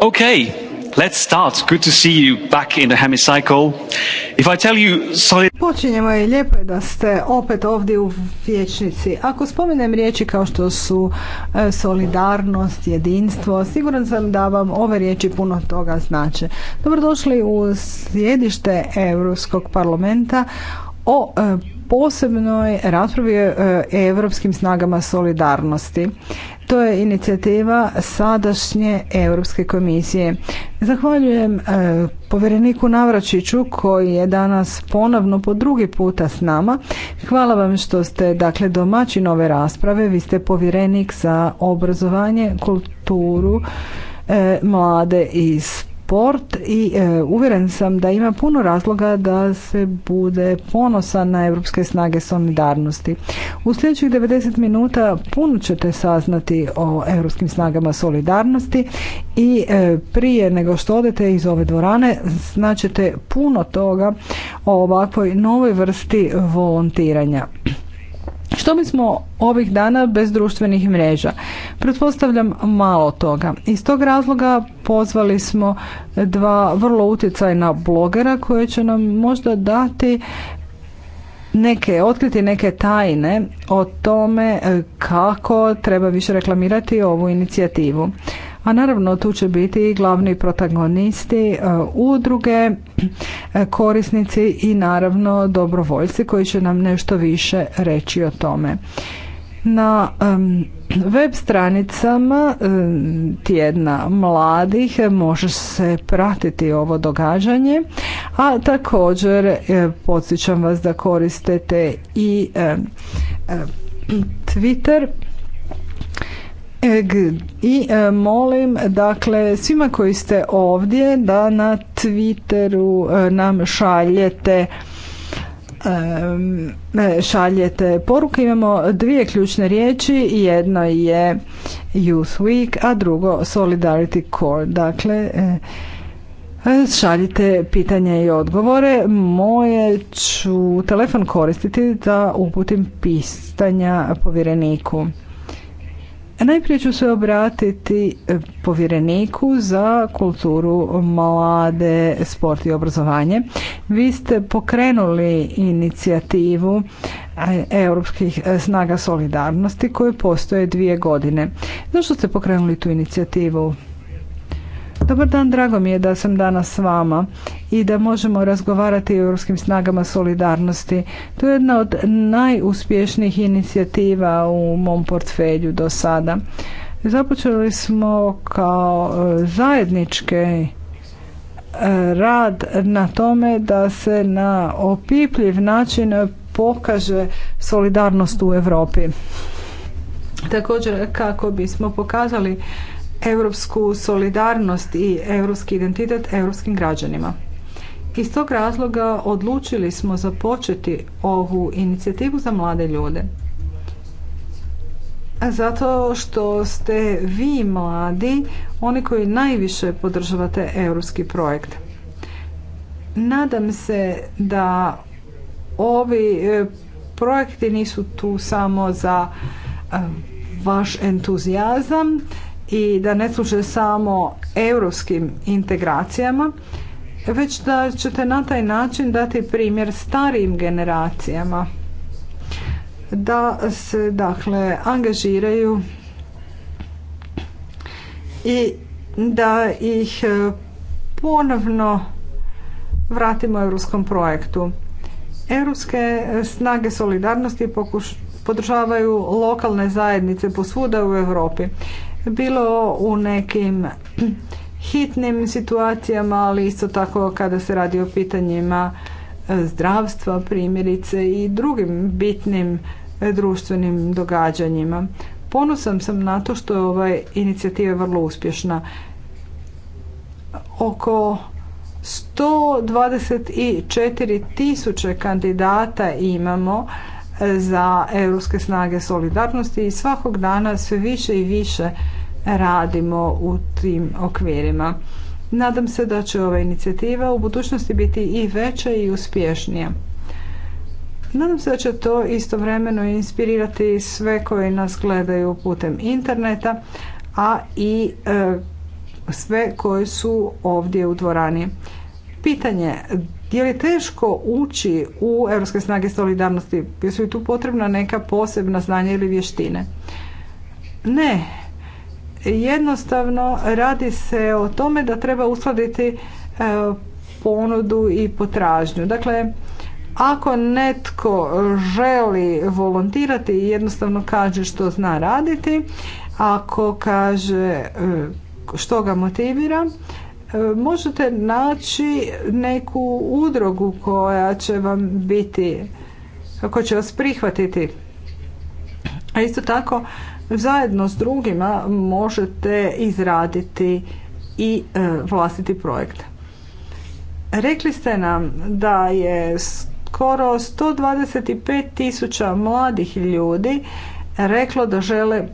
Okay, let's start. Good to see you back in the If I tell you Počinjemo lijepo je da ste opet ovdje u vječnici. Ako spomenem riječi kao što su e, solidarnost, jedinstvo, siguran sam da vam ove riječi puno toga znače. Dobrodošli u sjedište Europskog parlamenta o e, posebnoj raspravi o e, europskim snagama solidarnosti. To je inicijativa sadašnje Europske komisije. Zahvaljujem e, povjereniku Navračiću koji je danas ponovno po drugi puta s nama. Hvala vam što ste dakle domaćin ove rasprave. Vi ste povjerenik za obrazovanje, kulturu, e, mlade i sport i e, uvjeren sam da ima puno razloga da se bude ponosan na europske snage solidarnosti. U sljedećih 90 minuta puno ćete saznati o europskim snagama solidarnosti i e, prije nego što odete iz ove dvorane značite puno toga o ovakvoj novoj vrsti volontiranja. Što smo ovih dana bez društvenih mreža? Pretpostavljam malo toga. Iz tog razloga pozvali smo dva vrlo utjecajna blogera koje će nam možda dati neke, otkriti neke tajne o tome e, kako treba više reklamirati ovu inicijativu. A naravno tu će biti i glavni protagonisti e, udruge, e, korisnici i naravno dobrovoljci koji će nam nešto više reći o tome. Na web stranicama tjedna mladih može se pratiti ovo događanje, a također e, podsjećam vas da koristite i Twitter i e, molim dakle svima koji ste ovdje da na Twitteru e, nam šaljete e, šaljete poruke. Imamo dvije ključne riječi. Jedno je Youth Week, a drugo Solidarity Core. Dakle, šaljite pitanje i odgovore. Moje ću telefon koristiti da uputim pitanja povjereniku. Najprije ću se obratiti eh, povjereniku za kulturu mlade, sport i obrazovanje. Vi ste pokrenuli inicijativu eh, europskih eh, snaga solidarnosti koje postoje dvije godine. Zašto ste pokrenuli tu inicijativu? Dobar dan, drago mi je da sam danas s vama i da možemo razgovarati o europskim snagama solidarnosti. To je jedna od najuspješnijih inicijativa u mom portfelju do sada. Započeli smo kao e, zajedničke rad na tome da se na opipljiv način pokaže solidarnost u Europi. Također kako bismo pokazali europsku solidarnost i europski identitet europskim građanima. Iz tog razloga odlučili smo započeti ovu inicijativu za mlade ljude. Zato što ste vi mladi oni koji najviše podržavate europski projekt. Nadam se da ovi e, projekti nisu tu samo za e, vaš entuzijazam, i da ne služe samo europskim integracijama, već da ćete na taj način dati primjer starijim generacijama da se dakle angažiraju i da ih e, ponovno vratimo europskom projektu. Europske snage solidarnosti podržavaju lokalne zajednice posvuda u Europi bilo u nekim hitnim situacijama, ali isto tako kada se radi o pitanjima e, zdravstva primjerice i drugim bitnim e, društvenim događanjima. Ponosan sam na to što je ova inicijativa vrlo uspješna. Oko 124 tisuće kandidata imamo za europske snage solidarnosti i svakog dana sve više i više radimo u tim okvirima. Nadam se da će ova inicijativa u budućnosti biti i veća i uspješnija. Nadam se da će to istovremeno inspirirati sve koji nas gledaju putem interneta, a i e, sve koji su ovdje u dvorani. Pitanje je je teško ući u Europske snage solidarnosti, Jesu su tu potrebna neka posebna znanja ili vještine. Ne, jednostavno radi se o tome da treba uskladiti e, ponudu i potražnju. Dakle, ako netko želi volontirati i jednostavno kaže što zna raditi, ako kaže e, što ga motivira, E, možete naći neku udrogu koja će vam biti kako će vas prihvatiti a isto tako zajedno s drugima možete izraditi i e, vlastiti projekt rekli ste nam da je skoro 125 tisuća mladih ljudi reklo da žele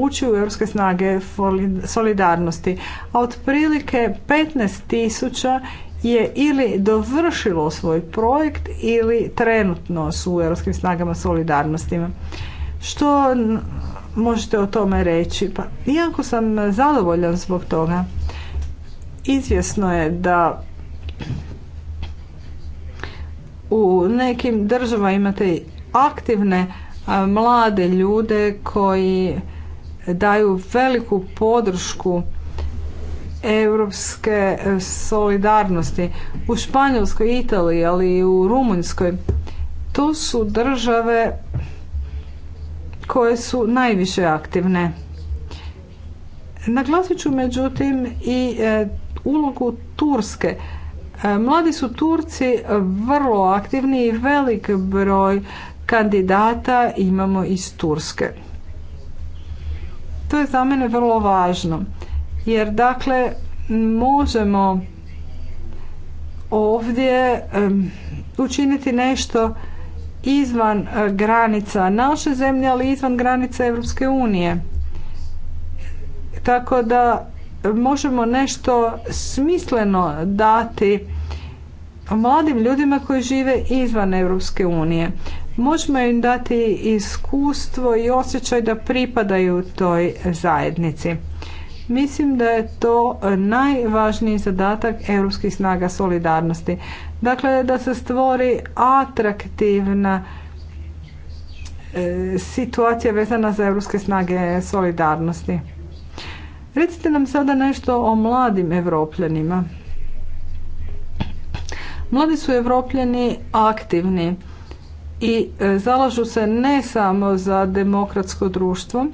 ući u europske snage solidarnosti, a otprilike 15 tisuća je ili dovršilo svoj projekt ili trenutno su u europskim snagama solidarnostima. Što možete o tome reći? Pa, iako sam zadovoljan zbog toga, izvjesno je da u nekim državama imate aktivne mlade ljude koji daju veliku podršku europske e, solidarnosti u Španjolskoj, Italiji, ali i u Rumunjskoj. To su države koje su najviše aktivne. Naglasit ću međutim i e, ulogu Turske. E, mladi su Turci vrlo aktivni i velik broj kandidata imamo iz Turske. To je za mene vrlo važno. Jer dakle možemo ovdje um, učiniti nešto izvan e, granica naše zemlje, ali izvan granica Europske unije. Tako da možemo nešto smisleno dati mladim ljudima koji žive izvan Europske unije možemo im dati iskustvo i osjećaj da pripadaju toj zajednici. Mislim da je to najvažniji zadatak europskih snaga solidarnosti. Dakle, da se stvori atraktivna e, situacija vezana za europske snage solidarnosti. Recite nam sada nešto o mladim evropljanima. Mladi su evropljani aktivni i e, zalažu se ne samo za demokratsko društvo,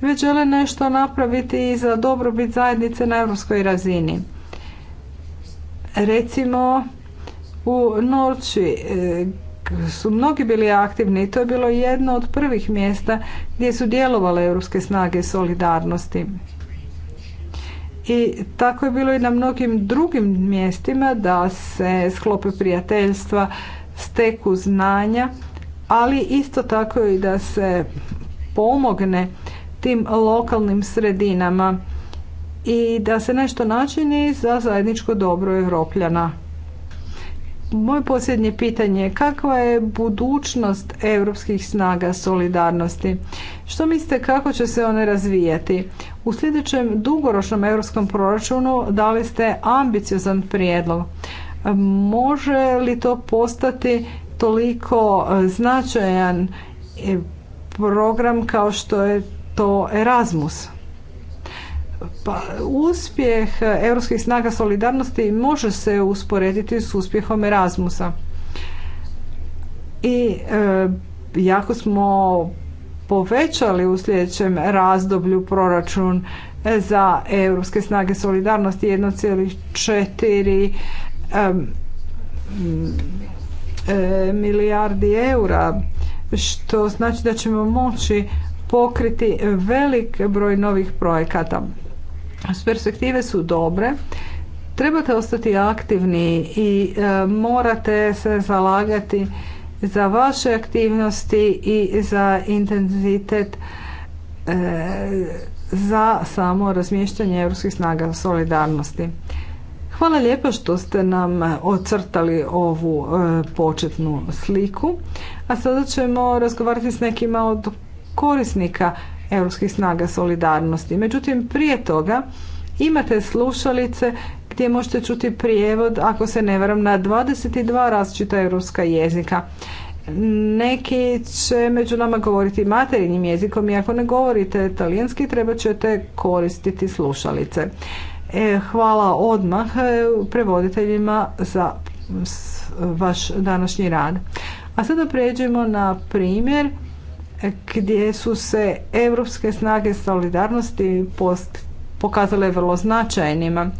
već žele nešto napraviti i za dobrobit zajednice na europskoj razini. Recimo u Norči e, su mnogi bili aktivni, i to je bilo jedno od prvih mjesta gdje su djelovale europske snage solidarnosti. I tako je bilo i na mnogim drugim mjestima da se sklope prijateljstva, steku znanja ali isto tako i da se pomogne tim lokalnim sredinama i da se nešto načini za zajedničko dobro evropljana. Moje posljednje pitanje je kakva je budućnost europskih snaga solidarnosti? Što mislite kako će se one razvijati? U sljedećem dugoročnom europskom proračunu dali ste ambiciozan prijedlog. Može li to postati toliko e, značajan e, program kao što je to Erasmus. Pa, uspjeh europskih snaga solidarnosti može se usporediti s uspjehom Erasmusa. I e, jako smo povećali u sljedećem razdoblju proračun za europske snage solidarnosti 1,4 E, milijardi eura što znači da ćemo moći pokriti velik broj novih projekata. perspektive su dobre, trebate ostati aktivni i e, morate se zalagati za vaše aktivnosti i za intenzitet e, za samo razmještanje europskih snaga solidarnosti. Hvala lijepo što ste nam e, ocrtali ovu e, početnu sliku. A sada ćemo razgovarati s nekima od korisnika europskih snaga solidarnosti. Međutim, prije toga imate slušalice gdje možete čuti prijevod, ako se ne varam, na 22 različita europska jezika. Neki će među nama govoriti materinjim jezikom i ako ne govorite talijanski, treba ćete koristiti slušalice. E, hvala odmah e, prevoditeljima za vaš današnji rad. A sada pređemo na primjer e, gdje su se europske snage solidarnosti post pokazale vrlo značajnima.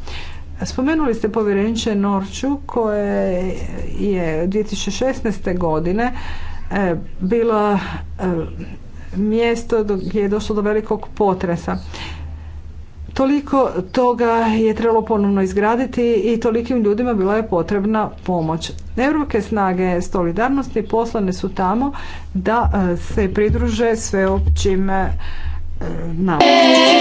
Spomenuli ste povjerenče Norču koje je 2016. godine bila mjesto gdje je došlo do velikog potresa. Toliko toga je trebalo ponovno izgraditi i tolikim ljudima bila je potrebna pomoć. Evropske snage solidarnosti poslane su tamo da e, se pridruže sveopćim e, navodima.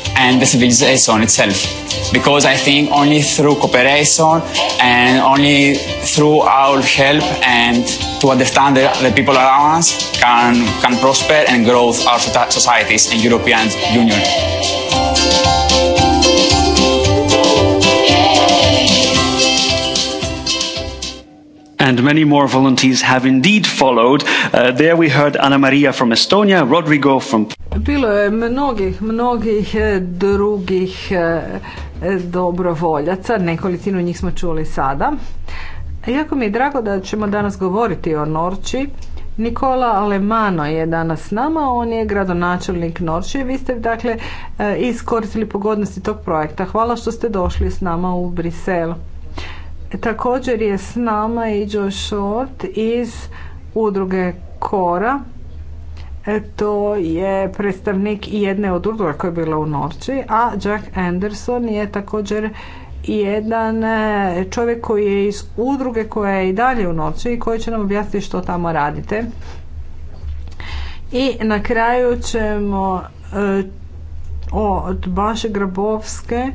and the civilization itself. Because I think only through cooperation and only through our help and to understand the, the people around us can, can prosper and grow our societies and European Union. and many more volunteers have indeed followed. Uh, there we heard Anna Maria from Estonia, Rodrigo from bilo je mnogih, mnogih e, drugih e, dobrovoljaca, nekolicinu njih smo čuli sada. Jako mi je drago da ćemo danas govoriti o Norči. Nikola Alemano je danas s nama, on je gradonačelnik i Vi ste dakle e, iskoristili pogodnosti tog projekta. Hvala što ste došli s nama u Brisel. Također je s nama i Joe iz udruge Kora E, to je predstavnik jedne od udruga koja je bila u Norči, a Jack Anderson je također jedan e, čovjek koji je iz udruge koja je i dalje u Norči i koji će nam objasniti što tamo radite. I na kraju ćemo e, od Baše Grabovske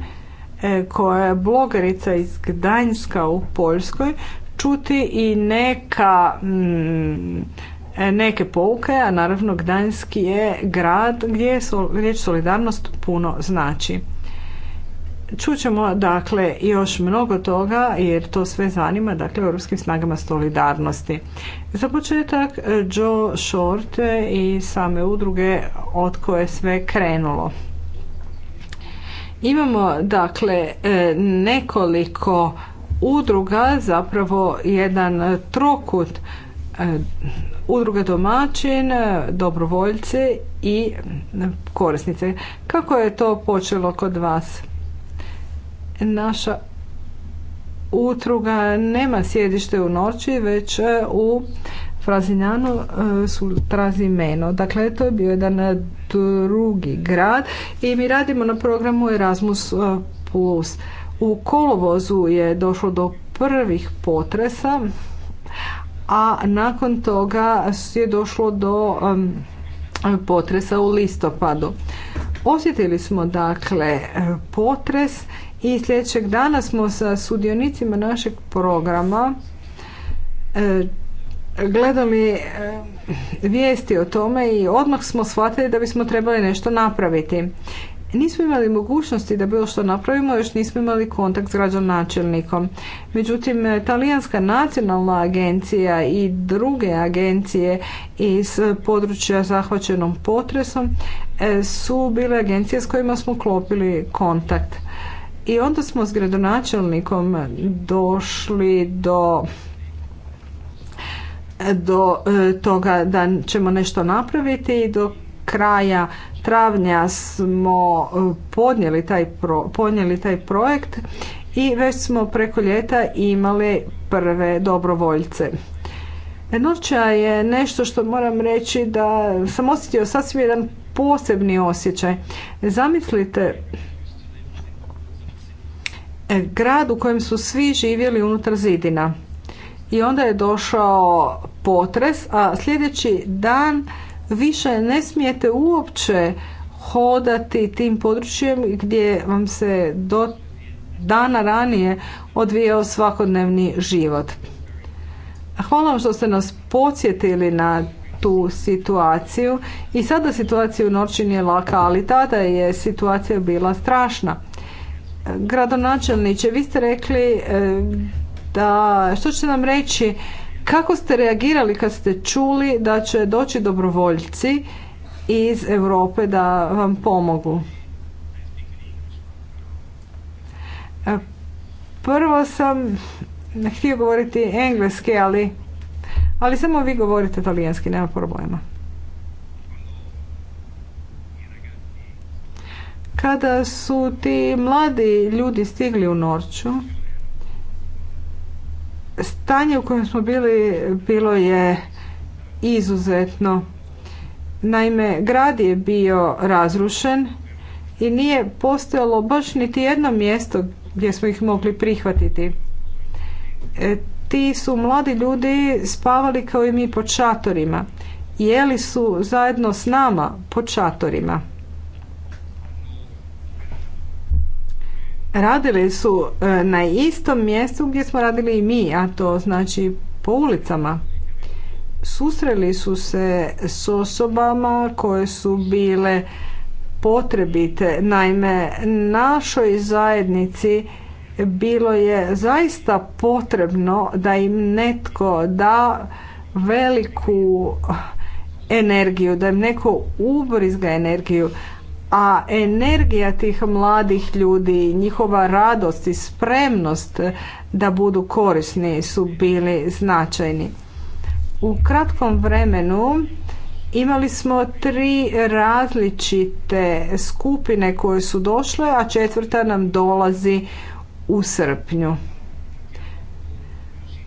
koja je blogerica iz Gdańska u Poljskoj čuti i neka mm, neke pouke, a naravno Gdansk je grad gdje riječ solidarnost puno znači. Čućemo dakle još mnogo toga jer to sve zanima dakle europskim snagama solidarnosti. Za početak Joe Short i same udruge od koje sve krenulo. Imamo dakle e, nekoliko udruga zapravo jedan trokut udruge domaćin, dobrovoljce i korisnice. Kako je to počelo kod vas? Naša utruga nema sjedište u noći, već u Frazinjanu eh, su meno. Dakle, to je bio jedan drugi grad i mi radimo na programu Erasmus+. Eh, plus. U kolovozu je došlo do prvih potresa a nakon toga je došlo do um, potresa u listopadu. Osjetili smo dakle potres i sljedećeg dana smo sa sudionicima našeg programa e, gledali e, vijesti o tome i odmah smo shvatili da bismo trebali nešto napraviti nismo imali mogućnosti da bilo što napravimo, još nismo imali kontakt s gradonačelnikom. Međutim, e, talijanska nacionalna agencija i druge agencije iz područja zahvaćenom potresom e, su bile agencije s kojima smo klopili kontakt. I onda smo s gradonačelnikom došli do e, do toga da ćemo nešto napraviti i do kraja travnja smo e, podnijeli taj, podnijeli taj projekt i već smo preko ljeta imali prve dobrovoljce. Noća je nešto što moram reći da sam osjetio sasvim jedan posebni osjećaj. Zamislite e, grad u kojem su svi živjeli unutar zidina. I onda je došao potres, a sljedeći dan više ne smijete uopće hodati tim područjem gdje vam se do dana ranije odvijao svakodnevni život. Hvala vam što ste nas podsjetili na tu situaciju i sada situacija u noći je laka, ali tada je situacija bila strašna. Gradonačelniče, vi ste rekli eh, da, što ćete nam reći kako ste reagirali kad ste čuli da će doći dobrovoljci iz Europe da vam pomogu? E, prvo sam htio govoriti engleski, ali, ali samo vi govorite talijanski, nema problema. Kada su ti mladi ljudi stigli u Norču, Stanje u kojem smo bili bilo je izuzetno. Naime, grad je bio razrušen i nije postojalo baš niti jedno mjesto gdje smo ih mogli prihvatiti. E, ti su mladi ljudi spavali kao i mi po čatorima. Jeli su zajedno s nama po čatorima. radili su e, na istom mjestu gdje smo radili i mi, a to znači po ulicama. Susreli su se s osobama koje su bile potrebite. Naime, našoj zajednici bilo je zaista potrebno da im netko da veliku energiju, da im neko ubrizga energiju, a energija tih mladih ljudi, njihova radost i spremnost da budu korisni su bili značajni. U kratkom vremenu imali smo tri različite skupine koje su došle, a četvrta nam dolazi u srpnju.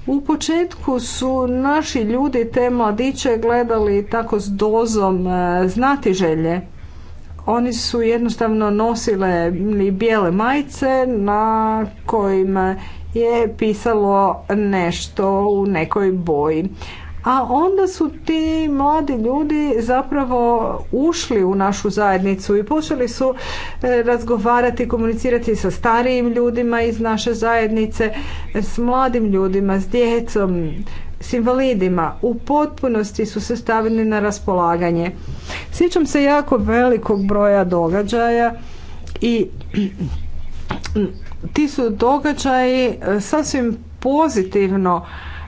U početku su naši ljudi te mladiće gledali tako s dozom e, znatiželje, oni su jednostavno nosile bijele majice na kojima je pisalo nešto u nekoj boji. A onda su ti mladi ljudi zapravo ušli u našu zajednicu i počeli su e, razgovarati, komunicirati sa starijim ljudima iz naše zajednice, s mladim ljudima, s djecom, s invalidima u potpunosti su se stavili na raspolaganje. Sjećam se jako velikog broja događaja i ti su događaji e, sasvim pozitivno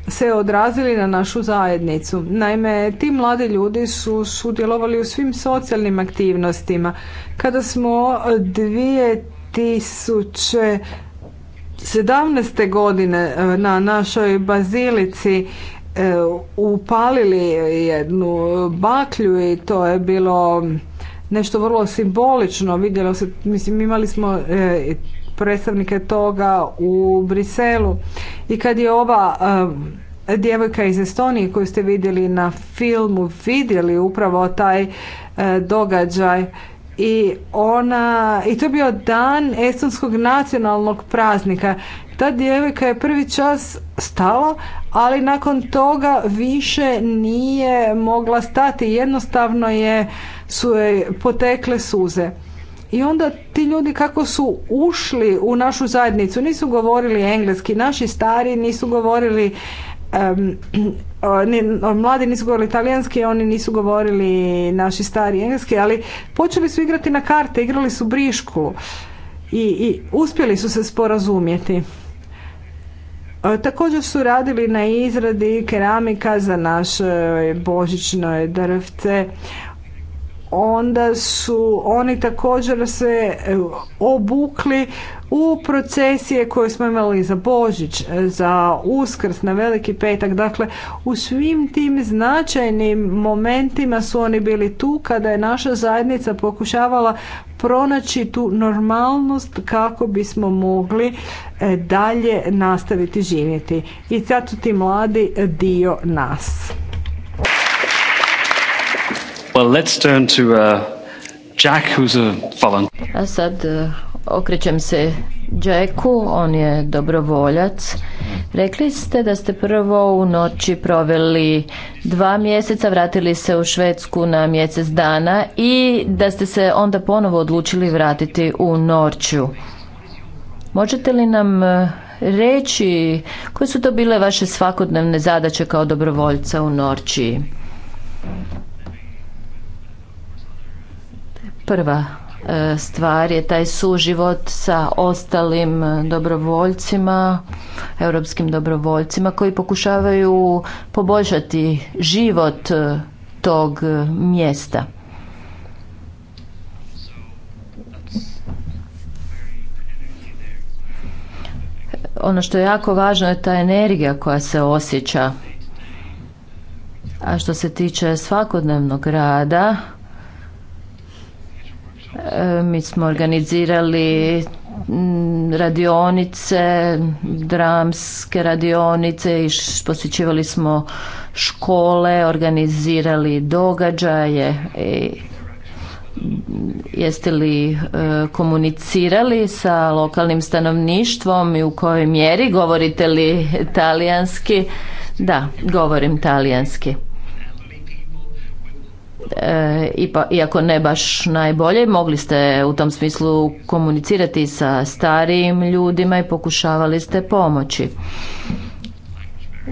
se odrazili na našu zajednicu. Naime, ti mladi ljudi su sudjelovali u svim socijalnim aktivnostima. Kada smo e, tisuće 17. godine e, na našoj bazilici e, upalili jednu baklju i to je bilo nešto vrlo simbolično vidjelo se, mislim imali smo e, predstavnike toga u Briselu i kad je ova djevojka iz Estonije koju ste vidjeli na filmu vidjeli upravo taj događaj i ona i to je bio dan estonskog nacionalnog praznika. Ta djevojka je prvi čas stala, ali nakon toga više nije mogla stati. Jednostavno je su potekle suze. I onda ti ljudi kako su ušli u našu zajednicu, nisu govorili engleski, naši stari nisu govorili mladi nisu govorili talijanski, oni nisu govorili naši stari engleski, ali počeli su igrati na karte, igrali su brišku i, i uspjeli su se sporazumjeti. E, također su radili na izradi keramika za naše božićno drvce onda su oni također se e, obukli u procesije koje smo imali za Božić, e, za Uskrs, na Veliki petak. Dakle, u svim tim značajnim momentima su oni bili tu kada je naša zajednica pokušavala pronaći tu normalnost kako bismo mogli e, dalje nastaviti živjeti. I sad su ti mladi dio nas. Uh, a sad e, okrećem se Jacku, on je dobrovoljac. Rekli ste da ste prvo u noći proveli dva mjeseca, vratili se u Švedsku na mjesec dana i da ste se onda ponovo odlučili vratiti u Norću. Možete li nam e, reći koje su to bile vaše svakodnevne zadaće kao dobrovoljca u Norčiji? Prva e, stvar je taj suživot sa ostalim dobrovoljcima, europskim dobrovoljcima koji pokušavaju poboljšati život e, tog e, mjesta. Ono što je jako važno je ta energija koja se osjeća. A što se tiče svakodnevnog rada, E, mi smo organizirali radionice, dramske radionice i posjećivali smo škole, organizirali događaje i jeste li e, komunicirali sa lokalnim stanovništvom i u kojoj mjeri govorite li talijanski? Da, govorim talijanski. E, iako ne baš najbolje, mogli ste u tom smislu komunicirati sa starijim ljudima i pokušavali ste pomoći.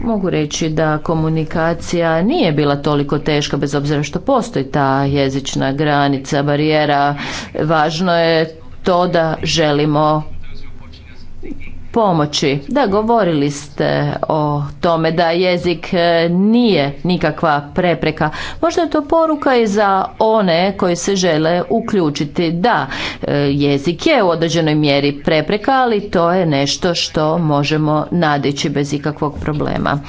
Mogu reći da komunikacija nije bila toliko teška bez obzira što postoji ta jezična granica, barijera. Važno je to da želimo pomoći. Da, govorili ste o tome da jezik e, nije nikakva prepreka. Možda je to poruka i za one koji se žele uključiti. Da, e, jezik je u određenoj mjeri prepreka, ali to je nešto što možemo nadići bez ikakvog problema.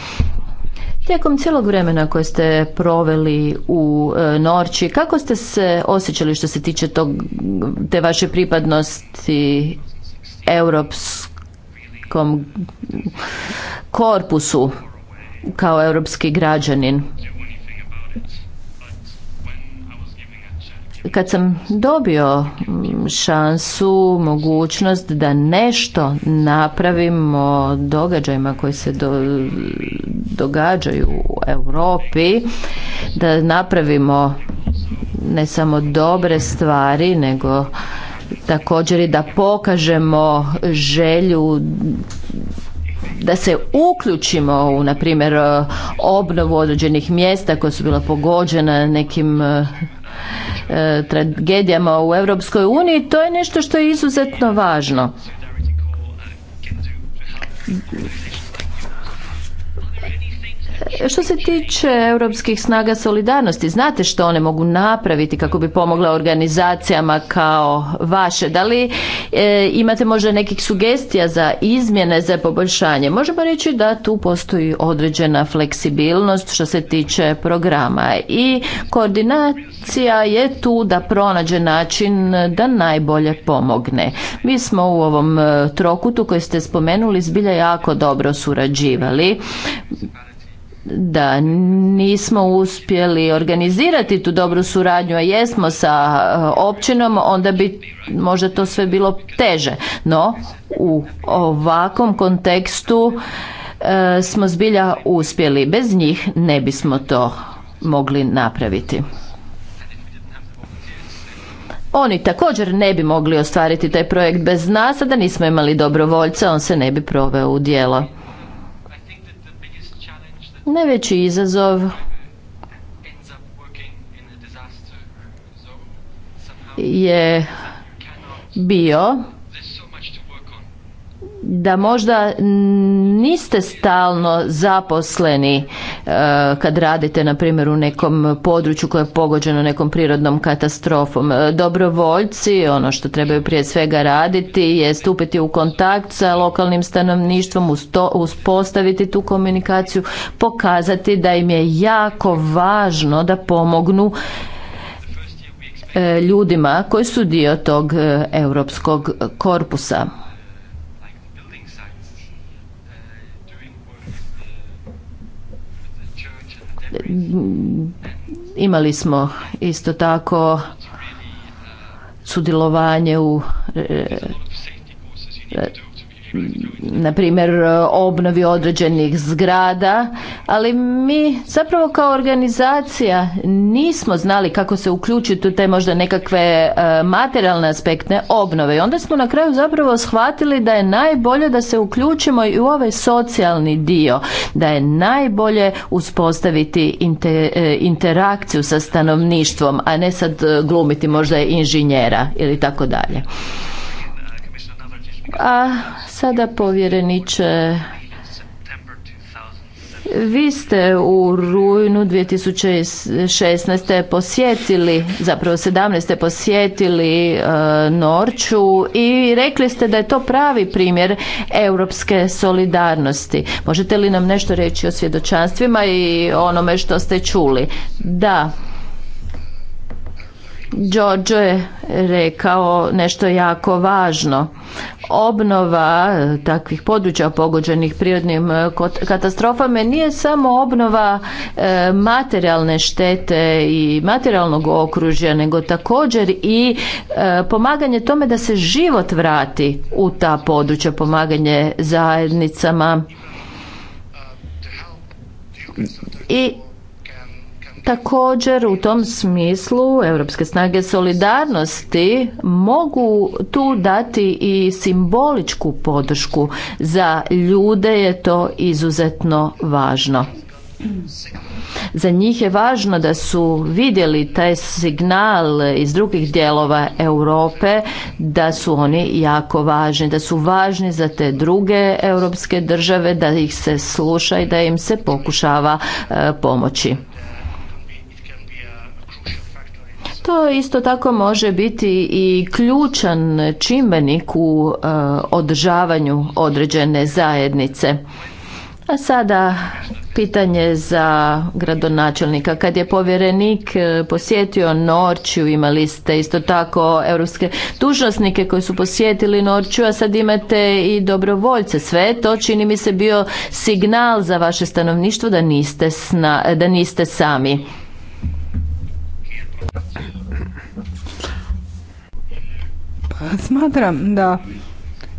Tijekom cijelog vremena koje ste proveli u e, Norči, kako ste se osjećali što se tiče te vaše pripadnosti europskog, korpusu kao europski građanin. Kad sam dobio mm, šansu, mogućnost da nešto napravimo događajima koji se događaju u Europi, da napravimo ne samo dobre stvari, nego također i da pokažemo želju da se uključimo u, na primjer, obnovu određenih mjesta koja su bila pogođena nekim e, tragedijama u Europskoj uniji, to je nešto što je izuzetno važno što se tiče europskih snaga solidarnosti, znate što one mogu napraviti kako bi pomogla organizacijama kao vaše? Da li e, imate možda nekih sugestija za izmjene, za poboljšanje? Možemo reći da tu postoji određena fleksibilnost što se tiče programa i koordinacija je tu da pronađe način da najbolje pomogne. Mi smo u ovom e, trokutu koji ste spomenuli zbilja jako dobro surađivali da nismo uspjeli organizirati tu dobru suradnju, a jesmo sa eh, općinom, onda bi možda to sve bilo teže. No, u ovakvom kontekstu eh, smo zbilja uspjeli. Bez njih ne bismo to mogli napraviti. Oni također ne bi mogli ostvariti taj projekt bez nas, a da nismo imali dobrovoljca, on se ne bi proveo u djelo. Najveći izazov je bio da možda niste stalno zaposleni e, kad radite na primjer u nekom području koje je pogođeno nekom prirodnom katastrofom. E, dobrovoljci, ono što trebaju prije svega raditi je stupiti u kontakt sa lokalnim stanovništvom, uspostaviti tu komunikaciju, pokazati da im je jako važno da pomognu e, ljudima koji su dio tog europskog korpusa. Imali smo isto tako sudjelovanje u e, na primjer e, obnovi određenih zgrada, ali mi zapravo kao organizacija nismo znali kako se uključiti u te možda nekakve e, materijalne aspektne obnove. I onda smo na kraju zapravo shvatili da je najbolje da se uključimo i u ovaj socijalni dio, da je najbolje uspostaviti e, interakciju sa stanovništvom, a ne sad glumiti možda inženjera ili tako dalje. A Sada povjereniče vi ste u rujnu 2016. posjetili, zapravo 17. posjetili e, Norču i rekli ste da je to pravi primjer europske solidarnosti. Možete li nam nešto reći o svjedočanstvima i onome što ste čuli? Da, Giorgio je rekao nešto jako važno. Obnova takvih područja pogođenih prirodnim eh, katastrofama nije samo obnova eh, materijalne štete i materijalnog okružja, nego također i eh, pomaganje tome da se život vrati u ta područja, pomaganje zajednicama i Također u tom smislu Europske snage solidarnosti mogu tu dati i simboličku podršku. Za ljude je to izuzetno važno. Za njih je važno da su vidjeli taj signal iz drugih dijelova Europe da su oni jako važni, da su važni za te druge europske države, da ih se sluša i da im se pokušava e, pomoći. To isto tako može biti i ključan čimbenik u eh, održavanju određene zajednice. A sada pitanje za gradonačelnika. Kad je povjerenik eh, posjetio Norčiju, imali ste isto tako europske dužnosnike koji su posjetili Norčiju, a sad imate i dobrovoljce. Sve to čini mi se bio signal za vaše stanovništvo da niste, da niste sami. Smatram da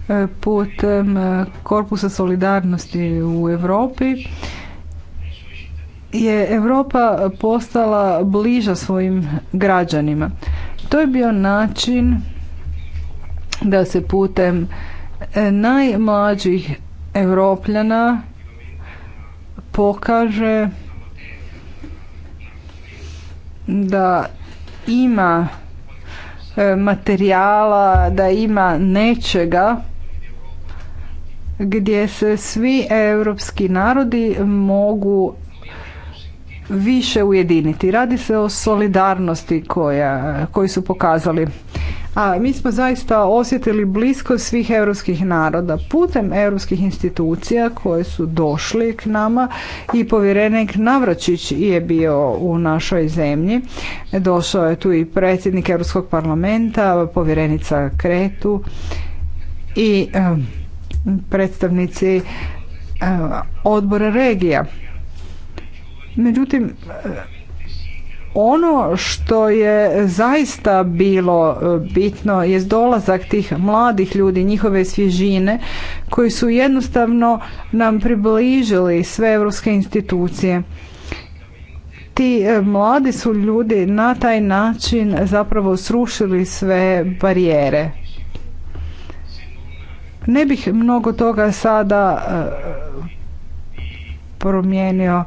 e, putem e, korpusa solidarnosti u Europi je Europa postala bliža svojim građanima. To je bio način da se putem e, najmlađih europljana pokaže da ima E, materijala, da ima nečega gdje se svi europski narodi mogu više ujediniti. Radi se o solidarnosti koja, koju su pokazali. A mi smo zaista osjetili blisko svih europskih naroda putem europskih institucija koje su došli k nama i povjerenik Navračić je bio u našoj zemlji. Došao je tu i predsjednik Europskog parlamenta, povjerenica Kretu i predstavnici odbora regija. Međutim, ono što je zaista bilo e, bitno je dolazak tih mladih ljudi, njihove svježine koji su jednostavno nam približili sve europske institucije. Ti e, mladi su ljudi na taj način zapravo srušili sve barijere. Ne bih mnogo toga sada e, promijenio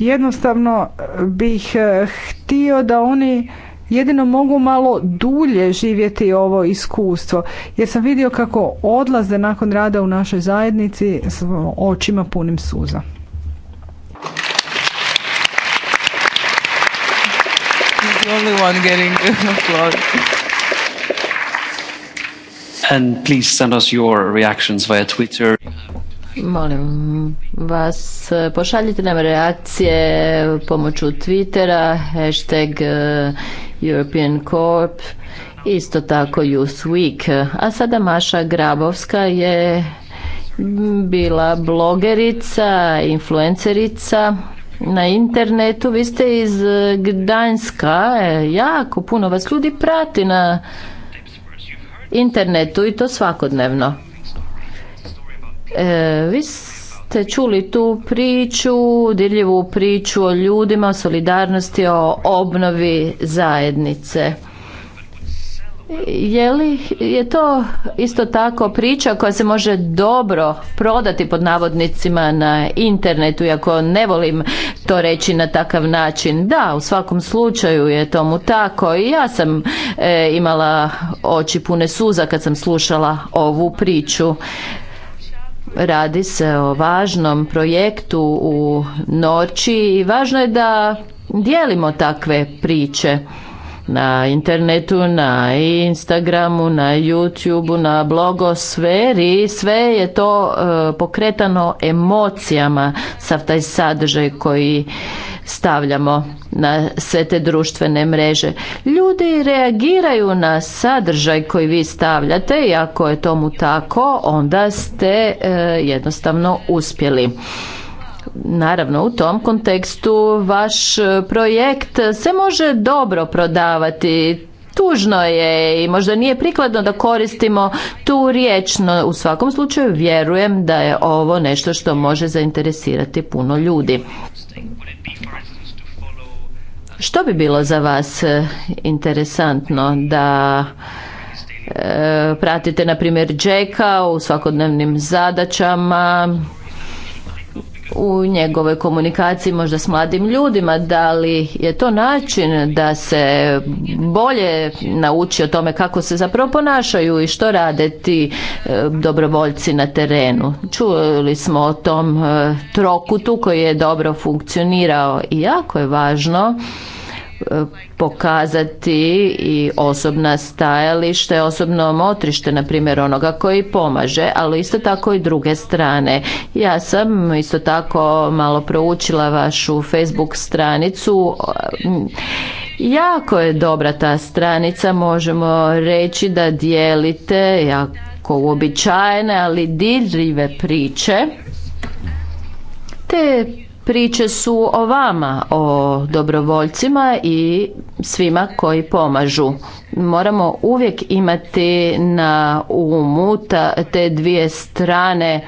Jednostavno eh, bih eh, htio da oni jedino mogu malo dulje živjeti ovo iskustvo jer sam vidio kako odlaze nakon rada u našoj zajednici s očima punim suza. And please send us your reactions via Twitter. Molim vas, pošaljite nam reakcije pomoću Twittera, hashtag e, European Corp, isto tako Youth Week. A sada Maša Grabovska je bila blogerica, influencerica na internetu. Vi ste iz Gdanjska, e, jako puno vas ljudi prati na internetu i to svakodnevno. E, vi ste čuli tu priču, dirljivu priču o ljudima, o solidarnosti, o obnovi zajednice. Je li je to isto tako priča koja se može dobro prodati pod navodnicima na internetu, iako ne volim to reći na takav način? Da, u svakom slučaju je tomu tako i ja sam e, imala oči pune suza kad sam slušala ovu priču. Radi se o važnom projektu u noći i važno je da dijelimo takve priče na internetu, na Instagramu, na YouTubeu, na blogosferi, sve je to e, pokretano emocijama, sav taj sadržaj koji stavljamo na sve te društvene mreže. Ljudi reagiraju na sadržaj koji vi stavljate i ako je tomu tako, onda ste e, jednostavno uspjeli. Naravno, u tom kontekstu vaš e, projekt se može dobro prodavati. Tužno je i možda nije prikladno da koristimo tu riječ, no u svakom slučaju vjerujem da je ovo nešto što može zainteresirati puno ljudi. Što bi bilo za vas e, interesantno da e, pratite, na primjer, Jacka u svakodnevnim zadaćama, u njegovoj komunikaciji možda s mladim ljudima, da li je to način da se bolje nauči o tome kako se zapravo ponašaju i što rade ti e, dobrovoljci na terenu. Čuli smo o tom e, trokutu koji je dobro funkcionirao i jako je važno pokazati i osobna stajalište, osobno motrište, na primjer, onoga koji pomaže, ali isto tako i druge strane. Ja sam isto tako malo proučila vašu Facebook stranicu. Jako je dobra ta stranica, možemo reći da dijelite jako uobičajene, ali dirljive priče. Te priče su o vama, o dobrovoljcima i svima koji pomažu. Moramo uvijek imati na umu te dvije strane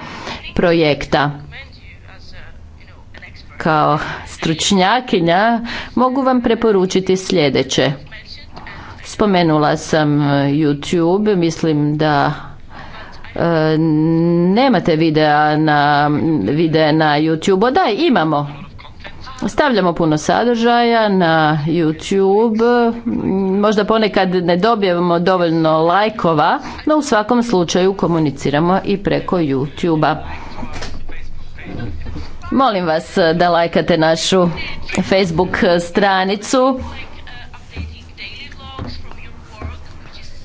projekta kao stručnjakinja mogu vam preporučiti sljedeće. Spomenula sam YouTube, mislim da E, nemate videa na, videa na YouTube-u. Da, imamo. Stavljamo puno sadržaja na YouTube. Možda ponekad ne dobijemo dovoljno lajkova, no u svakom slučaju komuniciramo i preko YouTube-a. Molim vas da lajkate našu Facebook stranicu.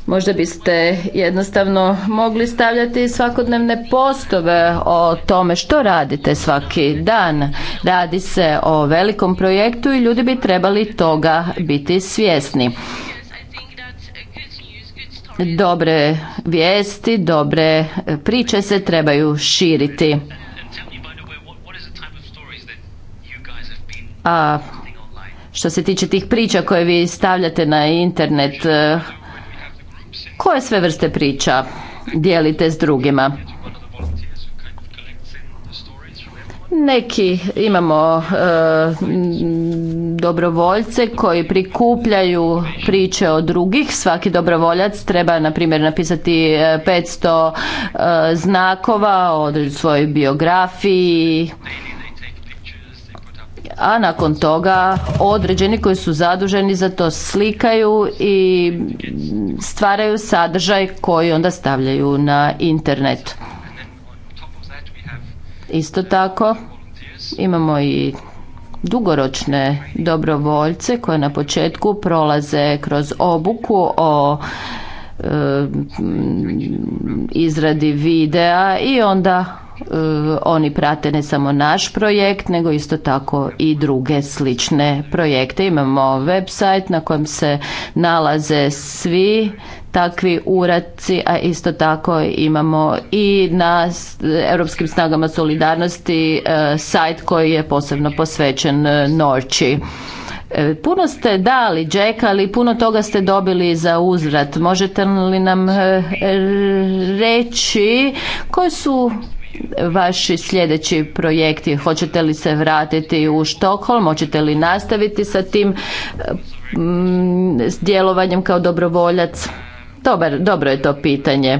Možda biste jednostavno mogli stavljati svakodnevne postove o tome što radite svaki dan. Radi se o velikom projektu i ljudi bi trebali toga biti svjesni dobre vijesti, dobre priče se trebaju širiti. A što se tiče tih priča koje vi stavljate na internet, koje sve vrste priča dijelite s drugima? Neki imamo e, dobrovoljce koji prikupljaju priče od drugih. Svaki dobrovoljac treba, na primjer, napisati 500 e, e, znakova o svojoj biografiji, a nakon toga određeni koji su zaduženi za to slikaju i stvaraju sadržaj koji onda stavljaju na internet. Isto tako imamo i dugoročne dobrovoljce koje na početku prolaze kroz obuku o e, izradi videa i onda E, oni prate ne samo naš projekt, nego isto tako i druge slične projekte. Imamo website na kojem se nalaze svi takvi uradci, a isto tako imamo i na Europskim snagama solidarnosti e, sajt koji je posebno posvećen e, noći. Puno ste dali, ali puno toga ste dobili za uzrat. Možete li nam reći koje su vaši sljedeći projekti? Hoćete li se vratiti u Štokholm? Hoćete li nastaviti sa tim s mm, djelovanjem kao dobrovoljac? dobro je to pitanje.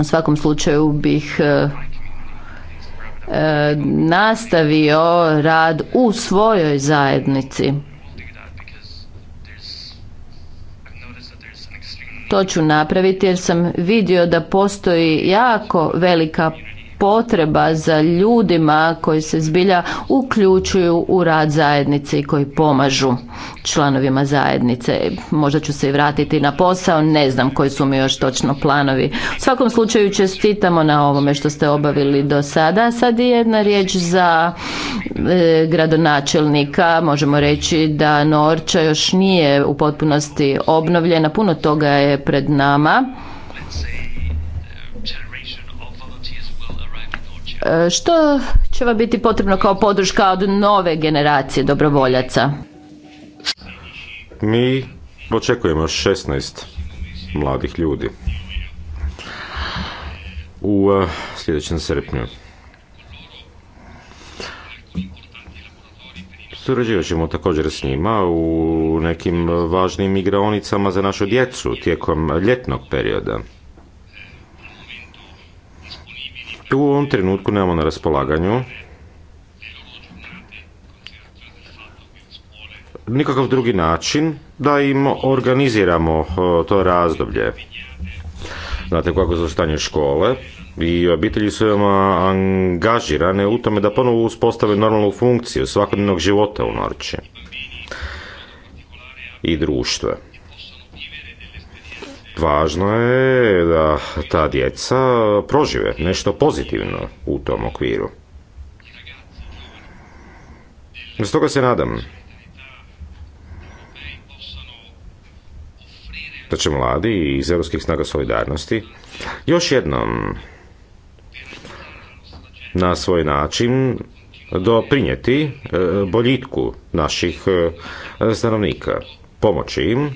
U svakom slučaju bih e, e, nastavio rad u svojoj zajednici. to ću napraviti jer sam vidio da postoji jako velika potreba za ljudima koji se zbilja uključuju u rad zajednice i koji pomažu članovima zajednice. Možda ću se i vratiti na posao, ne znam koji su mi još točno planovi. U svakom slučaju čestitamo na ovome što ste obavili do sada. Sad je jedna riječ za e, gradonačelnika. Možemo reći da Norča još nije u potpunosti obnovljena. Puno toga je pred nama. E, što će vam biti potrebno kao podrška od nove generacije dobrovoljaca? Mi očekujemo 16 mladih ljudi u e, sljedećem srpnju. Surađivat ćemo također s njima u nekim važnim igraonicama za našu djecu tijekom ljetnog perioda. u ovom trenutku nemamo na raspolaganju nikakav drugi način da im organiziramo e, to razdoblje. Znate kako su stanje škole i obitelji su vam angažirane u tome da ponovo uspostave normalnu funkciju svakodnevnog života u Norči i društva. Važno je da ta djeca prožive nešto pozitivno u tom okviru. Stoga se nadam da će mladi iz Europskih snaga solidarnosti još jednom na svoj način doprinijeti e, boljitku naših e, stanovnika, pomoći im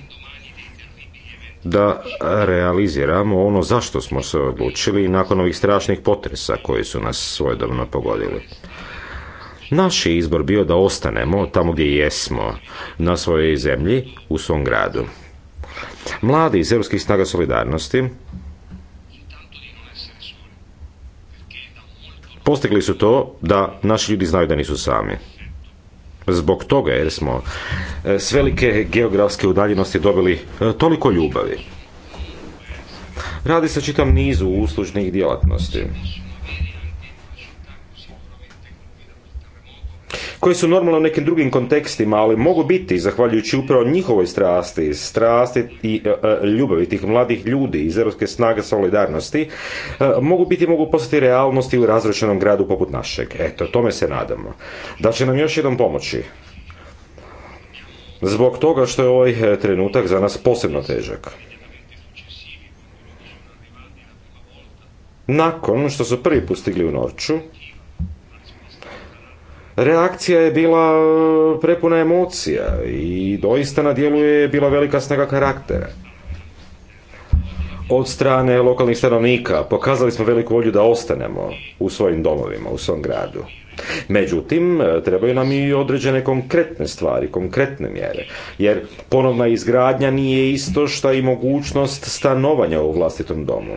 da realiziramo ono zašto smo se odlučili nakon ovih strašnih potresa koji su nas svojedobno pogodili. Naš je izbor bio da ostanemo tamo gdje jesmo, na svojoj zemlji, u svom gradu. Mladi iz Europskih snaga solidarnosti postigli su to da naši ljudi znaju da nisu sami zbog toga jer smo e, s velike geografske udaljenosti dobili e, toliko ljubavi. Radi se čitam nizu uslužnih djelatnosti koji su normalno u nekim drugim kontekstima, ali mogu biti, zahvaljujući upravo njihovoj strasti, strasti i e, e, ljubavi tih mladih ljudi iz Europske snage solidarnosti, e, mogu biti mogu postati realnosti u razrušenom gradu poput našeg. Eto, tome se nadamo. Da će nam još jednom pomoći. Zbog toga što je ovaj trenutak za nas posebno težak. Nakon što su prvi put stigli u Norču, Reakcija je bila e, prepuna emocija i doista na dijelu je bila velika snaga karaktera. Od strane lokalnih stanovnika pokazali smo veliku volju da ostanemo u svojim domovima, u svom gradu. Međutim, trebaju nam i određene konkretne stvari, konkretne mjere, jer ponovna izgradnja nije isto što i mogućnost stanovanja u vlastitom domu.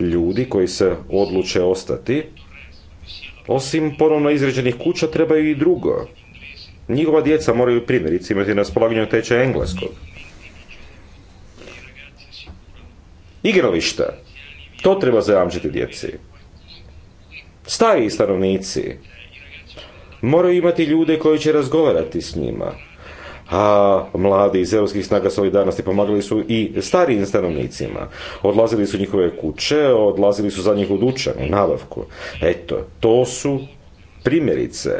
Ljudi koji se odluče ostati osim ponovno izređenih kuća trebaju i drugo. Njihova djeca moraju primjerice imati na spolaganju tečaja engleskog. Igrališta. To treba zajamčiti djeci. Stariji stanovnici moraju imati ljude koji će razgovarati s njima a mladi iz europskih snaga solidarnosti pomagali su i starijim stanovnicima. Odlazili su njihove kuće, odlazili su za njih u dučan u nabavku. Eto, to su primjerice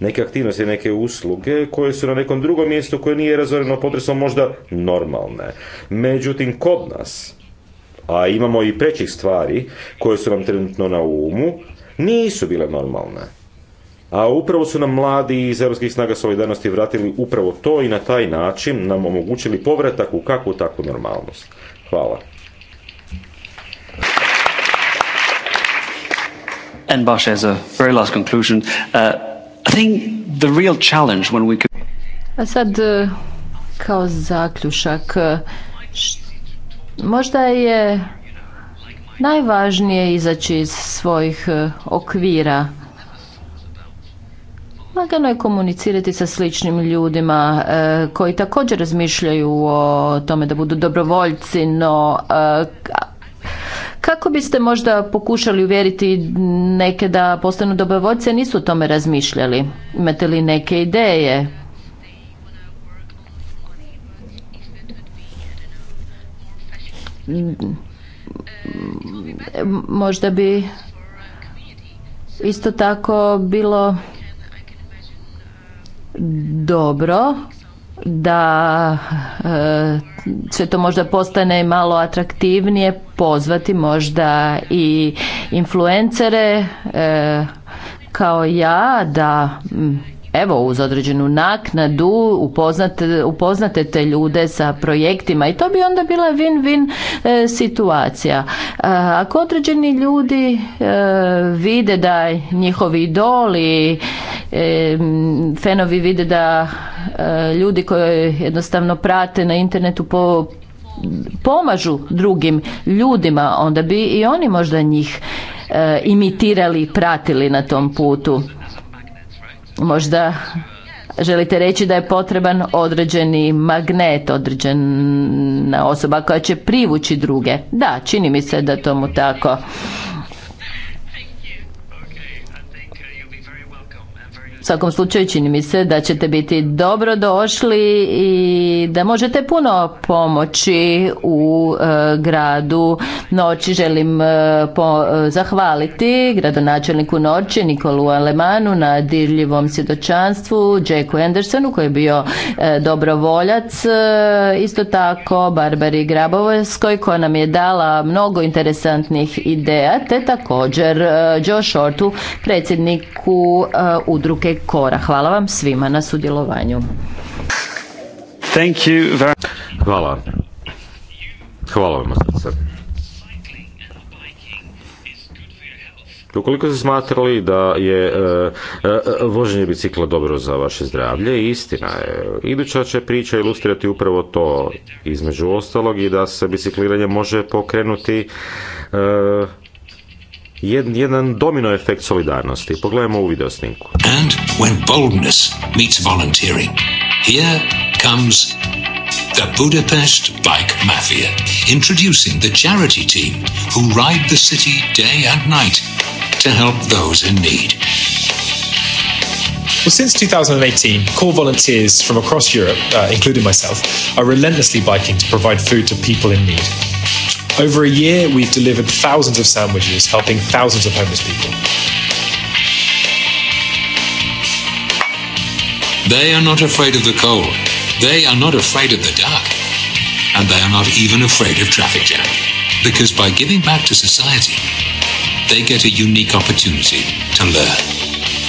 neke aktivnosti, neke usluge koje su na nekom drugom mjestu koje nije razvoreno potresom možda normalne. Međutim, kod nas, a imamo i prećih stvari koje su nam trenutno na umu, nisu bile normalne. A upravo su nam mladi iz Europskih snaga solidarnosti vratili upravo to i na taj način nam omogućili povratak u kakvu takvu normalnost. Hvala. And a last conclusion, uh, I think the real challenge when we A sad, uh, kao zaključak, uh, možda je najvažnije izaći iz svojih okvira Lagano je komunicirati sa sličnim ljudima e, koji također razmišljaju o tome da budu dobrovoljci, no e, kako biste možda pokušali uvjeriti neke da postanu dobrovoljce, nisu o tome razmišljali? Imate li neke ideje? Možda bi isto tako bilo dobro da e, sve to možda postane malo atraktivnije pozvati možda i influencere e, kao ja da evo uz određenu naknadu upoznate, upoznate te ljude sa projektima i to bi onda bila win-win e, situacija. E, ako određeni ljudi e, vide da njihovi idoli, fenovi vide da ljudi koji jednostavno prate na internetu po pomažu drugim ljudima, onda bi i oni možda njih imitirali i pratili na tom putu. Možda želite reći da je potreban određeni magnet, određena osoba koja će privući druge. Da, čini mi se da tomu tako U svakom slučaju čini mi se da ćete biti dobro došli i da možete puno pomoći u e, gradu Noći. Želim e, po, e, zahvaliti gradonačelniku Noći Nikolu Alemanu na dirljivom svjedočanstvu, Jacku Andersonu koji je bio dobrovoljac, isto tako Barbari Grabovskoj koja nam je dala mnogo interesantnih ideja te također Joe Shortu predsjedniku udruke Kora. Hvala vam svima na sudjelovanju. Hvala. Hvala vam Ukoliko ste smatrali da je e, e, voženje bicikla dobro za vaše zdravlje, istina je. Iduća će priča ilustrirati upravo to, između ostalog, i da se bicikliranje može pokrenuti e, jedan, jedan domino efekt solidarnosti. Pogledajmo ovu snimku. And when boldness meets volunteering, here comes the Budapest Bike Mafia, introducing the charity team who ride the city day and night to help those in need. Well, since 2018, core volunteers from across Europe, uh, including myself, are relentlessly biking to provide food to people in need. Over a year, we've delivered thousands of sandwiches, helping thousands of homeless people. They are not afraid of the cold. They are not afraid of the dark. And they are not even afraid of traffic jam. Because by giving back to society, they get a unique opportunity to learn.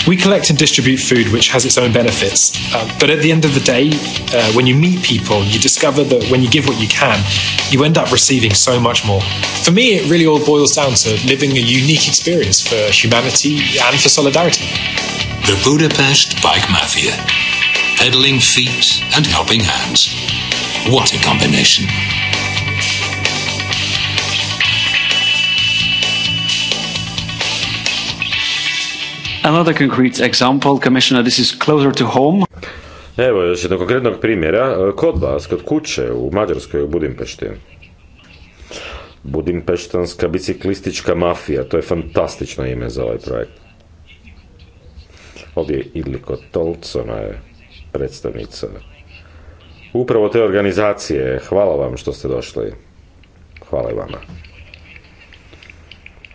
We collect and distribute food, which has its own benefits. Um, but at the end of the day, uh, when you meet people, you discover that when you give what you can, you end up receiving so much more. For me, it really all boils down to living a unique experience for humanity and for solidarity. The Budapest Bike Mafia. Pedaling feet and helping hands. What a combination. Another concrete example, Commissioner, this is closer to home. Evo još jednog konkretnog primjera kod vas, kod kuće u Mađarskoj u Budimpešti. Budimpeštanska biciklistička mafija, to je fantastično ime za ovaj projekt. Ovdje je Idliko Tolcona je predstavnica upravo te organizacije. Hvala vam što ste došli. Hvala i vama.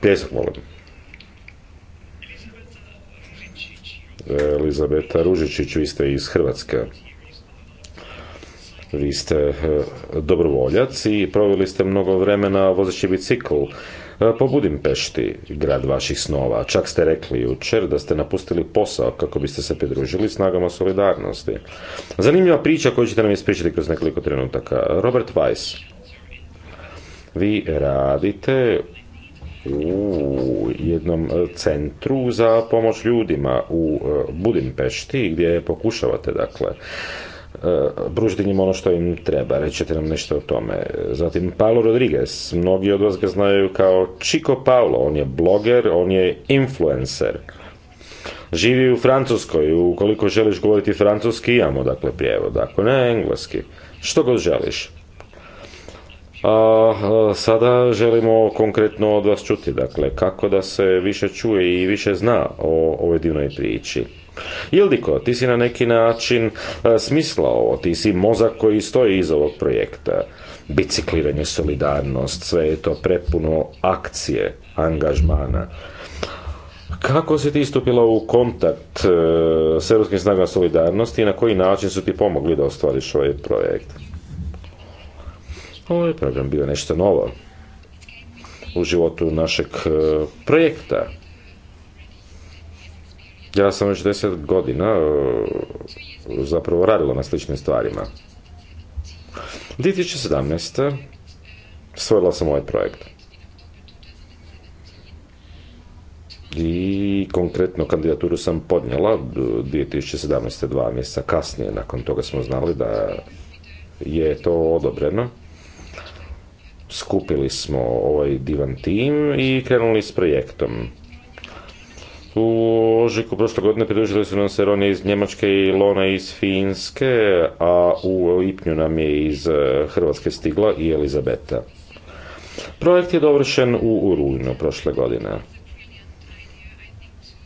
Pjesak volim. Elizabeta Ružičić, vi ste iz Hrvatske. Vi ste eh, dobrovoljac i proveli ste mnogo vremena vozeći bicikl eh, po Budimpešti, grad vaših snova. Čak ste rekli jučer da ste napustili posao kako biste se pridružili snagama solidarnosti. Zanimljiva priča koju ćete nam ispričati kroz nekoliko trenutaka. Robert Weiss, vi radite u jednom e, centru za pomoć ljudima u e, Budimpešti gdje pokušavate dakle pružiti e, njim ono što im treba. Rećete nam nešto o tome. Zatim Paolo Rodriguez. Mnogi od vas ga znaju kao Chico Paolo. On je bloger, on je influencer. Živi u Francuskoj. Ukoliko želiš govoriti francuski, imamo dakle prijevod. Ako ne, engleski. Što god želiš. A sada želimo konkretno od vas čuti, dakle, kako da se više čuje i više zna o ovoj divnoj priči. Ildiko, ti si na neki način e, smislao ovo, ti si mozak koji stoji iz ovog projekta. Bicikliranje, solidarnost, sve je to prepuno akcije, angažmana. Kako si ti istupila u kontakt e, s Europskim snagama solidarnosti i na koji način su ti pomogli da ostvariš ovaj projekt? Ovaj program bio nešto novo u životu našeg e, projekta. Ja sam već deset godina e, zapravo radila na sličnim stvarima. 2017. stvorila sam ovaj projekt. I konkretno kandidaturu sam podnijela 2017. E, dva mjeseca kasnije. Nakon toga smo znali da je to odobreno skupili smo ovaj divan tim i krenuli s projektom. U ožiku prošle godine pridružili su nam se Ronja iz Njemačke i Lona iz Finske, a u lipnju nam je iz eh, Hrvatske stigla i Elizabeta. Projekt je dovršen u rujnu prošle godine.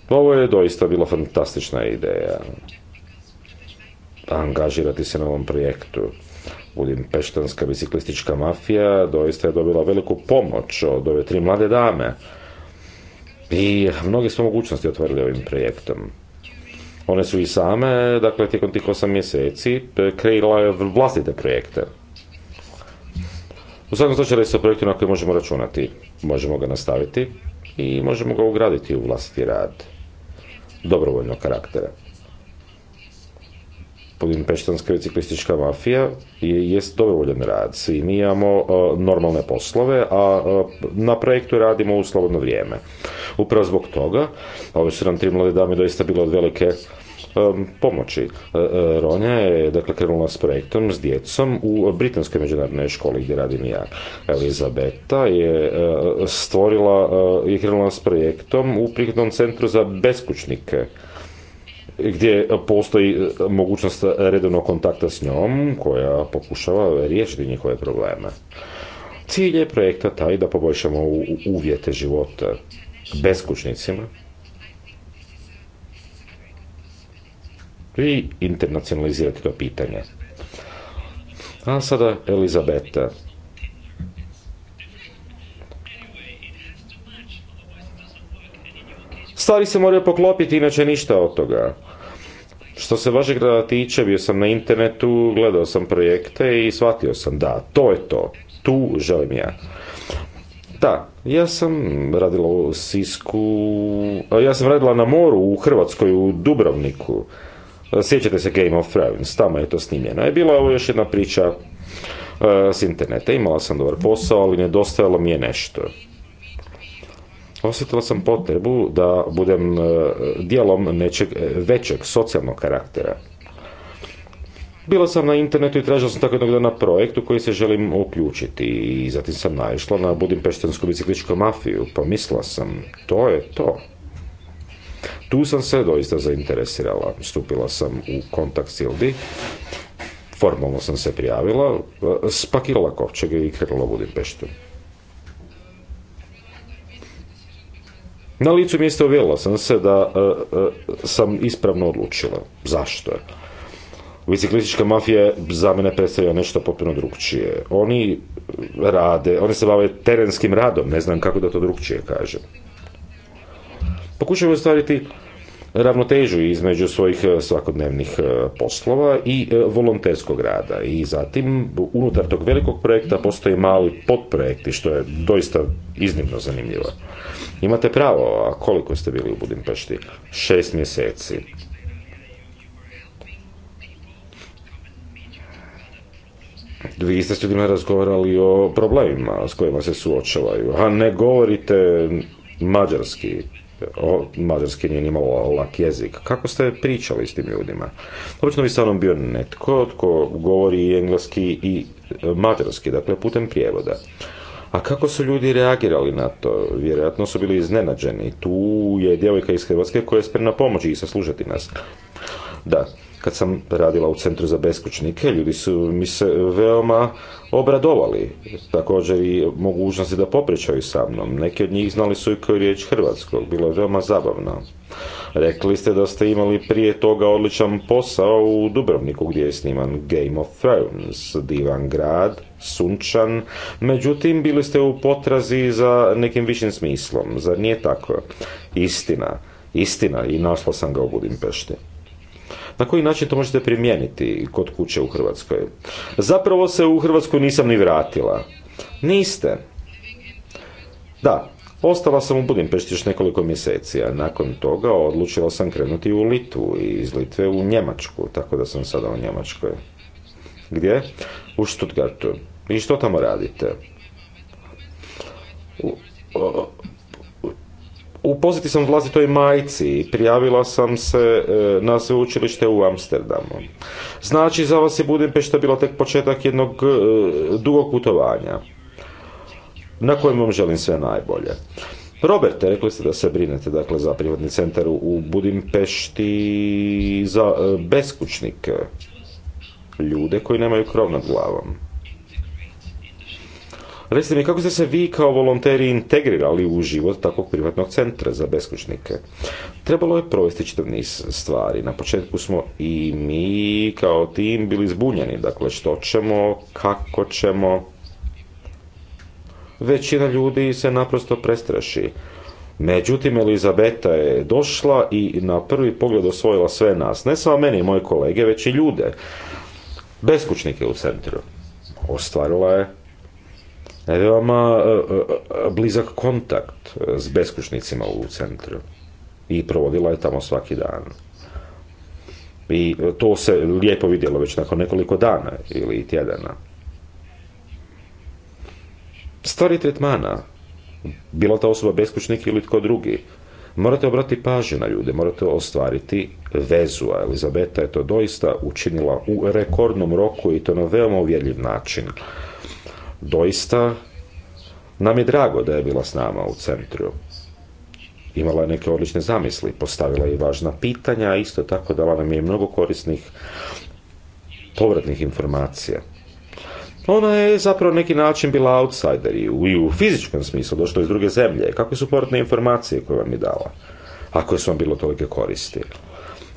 Ovo je doista bila fantastična ideja. Angažirati se na ovom projektu peštanska, biciklistička mafija doista je dobila veliku pomoć od ove tri mlade dame i mnoge su mogućnosti otvorili ovim projektom. One su i same, dakle, tijekom tih osam mjeseci kreirale vlastite projekte. U svakom slučaju se o na koji možemo računati. Možemo ga nastaviti i možemo ga ugraditi u vlastiti rad dobrovoljnog karaktera gospodin Peštanska biciklistička mafija je, jest dobrovoljan rad. Svi mi imamo e, normalne poslove, a, e, na projektu radimo u slobodno vrijeme. Upravo zbog toga, ove su nam tri mlade dame doista bilo od velike e, pomoći. Ronja je dakle krenula s projektom s djecom u Britanskoj međunarodnoj školi gdje radim ja. Elizabeta je stvorila krenula s projektom u prihvatnom centru za beskućnike gdje postoji e, mogućnost redovnog kontakta s njom koja pokušava riješiti njihove probleme. Cilj je projekta taj da poboljšamo uvjete života beskućnicima i internacionalizirati to pitanje. A sada Elizabeta. Stvari se moraju poklopiti, inače ništa od toga. Što se vašeg grada tiče, bio sam na internetu, gledao sam projekte i shvatio sam, da, to je to. Tu želim ja. Da, ja sam radila u Sisku, ja sam radila na moru u Hrvatskoj, u Dubrovniku. Sjećate se Game of Thrones, tamo je to snimljeno. Je bila ovo još jedna priča e, s interneta. Imala sam dobar posao, ali nedostajalo mi je nešto osjetila sam potrebu da budem e, dijelom nečeg e, većeg socijalnog karaktera. Bila sam na internetu i tražila sam tako jednog dana projekt u koji se želim uključiti i zatim sam naišla na budimpeštansku bicikličku mafiju. Pomislila sam, to je to. Tu sam se doista zainteresirala. Stupila sam u kontakt s Ildi, formalno sam se prijavila, e, spakirala kovčeg i krenula u Budimpeštu. Na licu mjesta uvjerila sam se da e, e, sam ispravno odlučila. Zašto je? Biciklistička mafija za mene predstavlja nešto potpuno drugčije. Oni rade, oni se bave terenskim radom, ne znam kako da to drugčije kažem. Pokušaju ostvariti ravnotežu između svojih e, svakodnevnih e, poslova i e, volonterskog rada. I zatim, unutar tog velikog projekta postoje mali podprojekti, što je doista iznimno zanimljivo. Imate pravo, a koliko ste bili u Budimpešti? Šest mjeseci. Vi ste s ljudima razgovarali o problemima s kojima se suočavaju, a ne govorite mađarski o, mađarski nije imao lak jezik. Kako ste pričali s tim ljudima? Obično bi stvarno bio netko tko govori engleski i e, mađarski, dakle putem prijevoda. A kako su ljudi reagirali na to? Vjerojatno su bili iznenađeni. Tu je djevojka iz Hrvatske koja je spremna pomoći i saslužati nas. Da, kad sam radila u centru za beskućnike, ljudi su mi se veoma obradovali. Također i mogućnosti da popričaju sa mnom. Neki od njih znali su i koju riječ hrvatskog. Bilo je veoma zabavno. Rekli ste da ste imali prije toga odličan posao u Dubrovniku gdje je sniman Game of Thrones, divan grad, sunčan, međutim bili ste u potrazi za nekim višim smislom, zar nije tako? Istina, istina i našla sam ga u Budimpešti. Na koji način to možete primijeniti kod kuće u Hrvatskoj? Zapravo se u Hrvatskoj nisam ni vratila. Niste. Da, Ostala sam u Budimpešti još nekoliko mjeseci, a nakon toga odlučila sam krenuti u Litvu i iz Litve u Njemačku, tako da sam sada u Njemačkoj. Gdje? U Stuttgartu. I što tamo radite? Upoznati sam vlastitoj majci i prijavila sam se e, na sveučilište u Amsterdamu. Znači, za vas je Budimpešta bila tek početak jednog e, dugog putovanja, na kojem vam želim sve najbolje. Roberte, rekli ste da se brinete dakle, za privatni centar u Budimpešti za e, beskućnike, ljude koji nemaju krov nad glavom. Recite mi, kako ste se vi kao volonteri integrirali u život takvog privatnog centra za beskućnike? Trebalo je provesti čitav niz stvari. Na početku smo i mi kao tim bili zbunjeni. Dakle, što ćemo, kako ćemo. Većina ljudi se naprosto prestraši. Međutim, Elizabeta je došla i na prvi pogled osvojila sve nas. Ne samo meni i moje kolege, već i ljude. Beskućnike u centru. Ostvarila je je veoma e, e, e, blizak kontakt s beskućnicima u centru i provodila je tamo svaki dan. I to se lijepo vidjelo već nakon nekoliko dana ili tjedana. Stvari tretmana, bila ta osoba beskućnik ili tko drugi, morate obrati pažnju na ljude, morate ostvariti vezu, a Elizabeta je to doista učinila u rekordnom roku i to na veoma uvjerljiv način. Doista nam je drago da je bila s nama u centru. Imala je neke odlične zamisli, postavila je važna pitanja, a isto tako dala nam je mnogo korisnih povratnih informacija. Ona je zapravo neki način bila outsider i u, i u fizičkom smislu, došla iz druge zemlje. Kakve su povratne informacije koje vam je dala? Ako su vam bilo tolike koristi?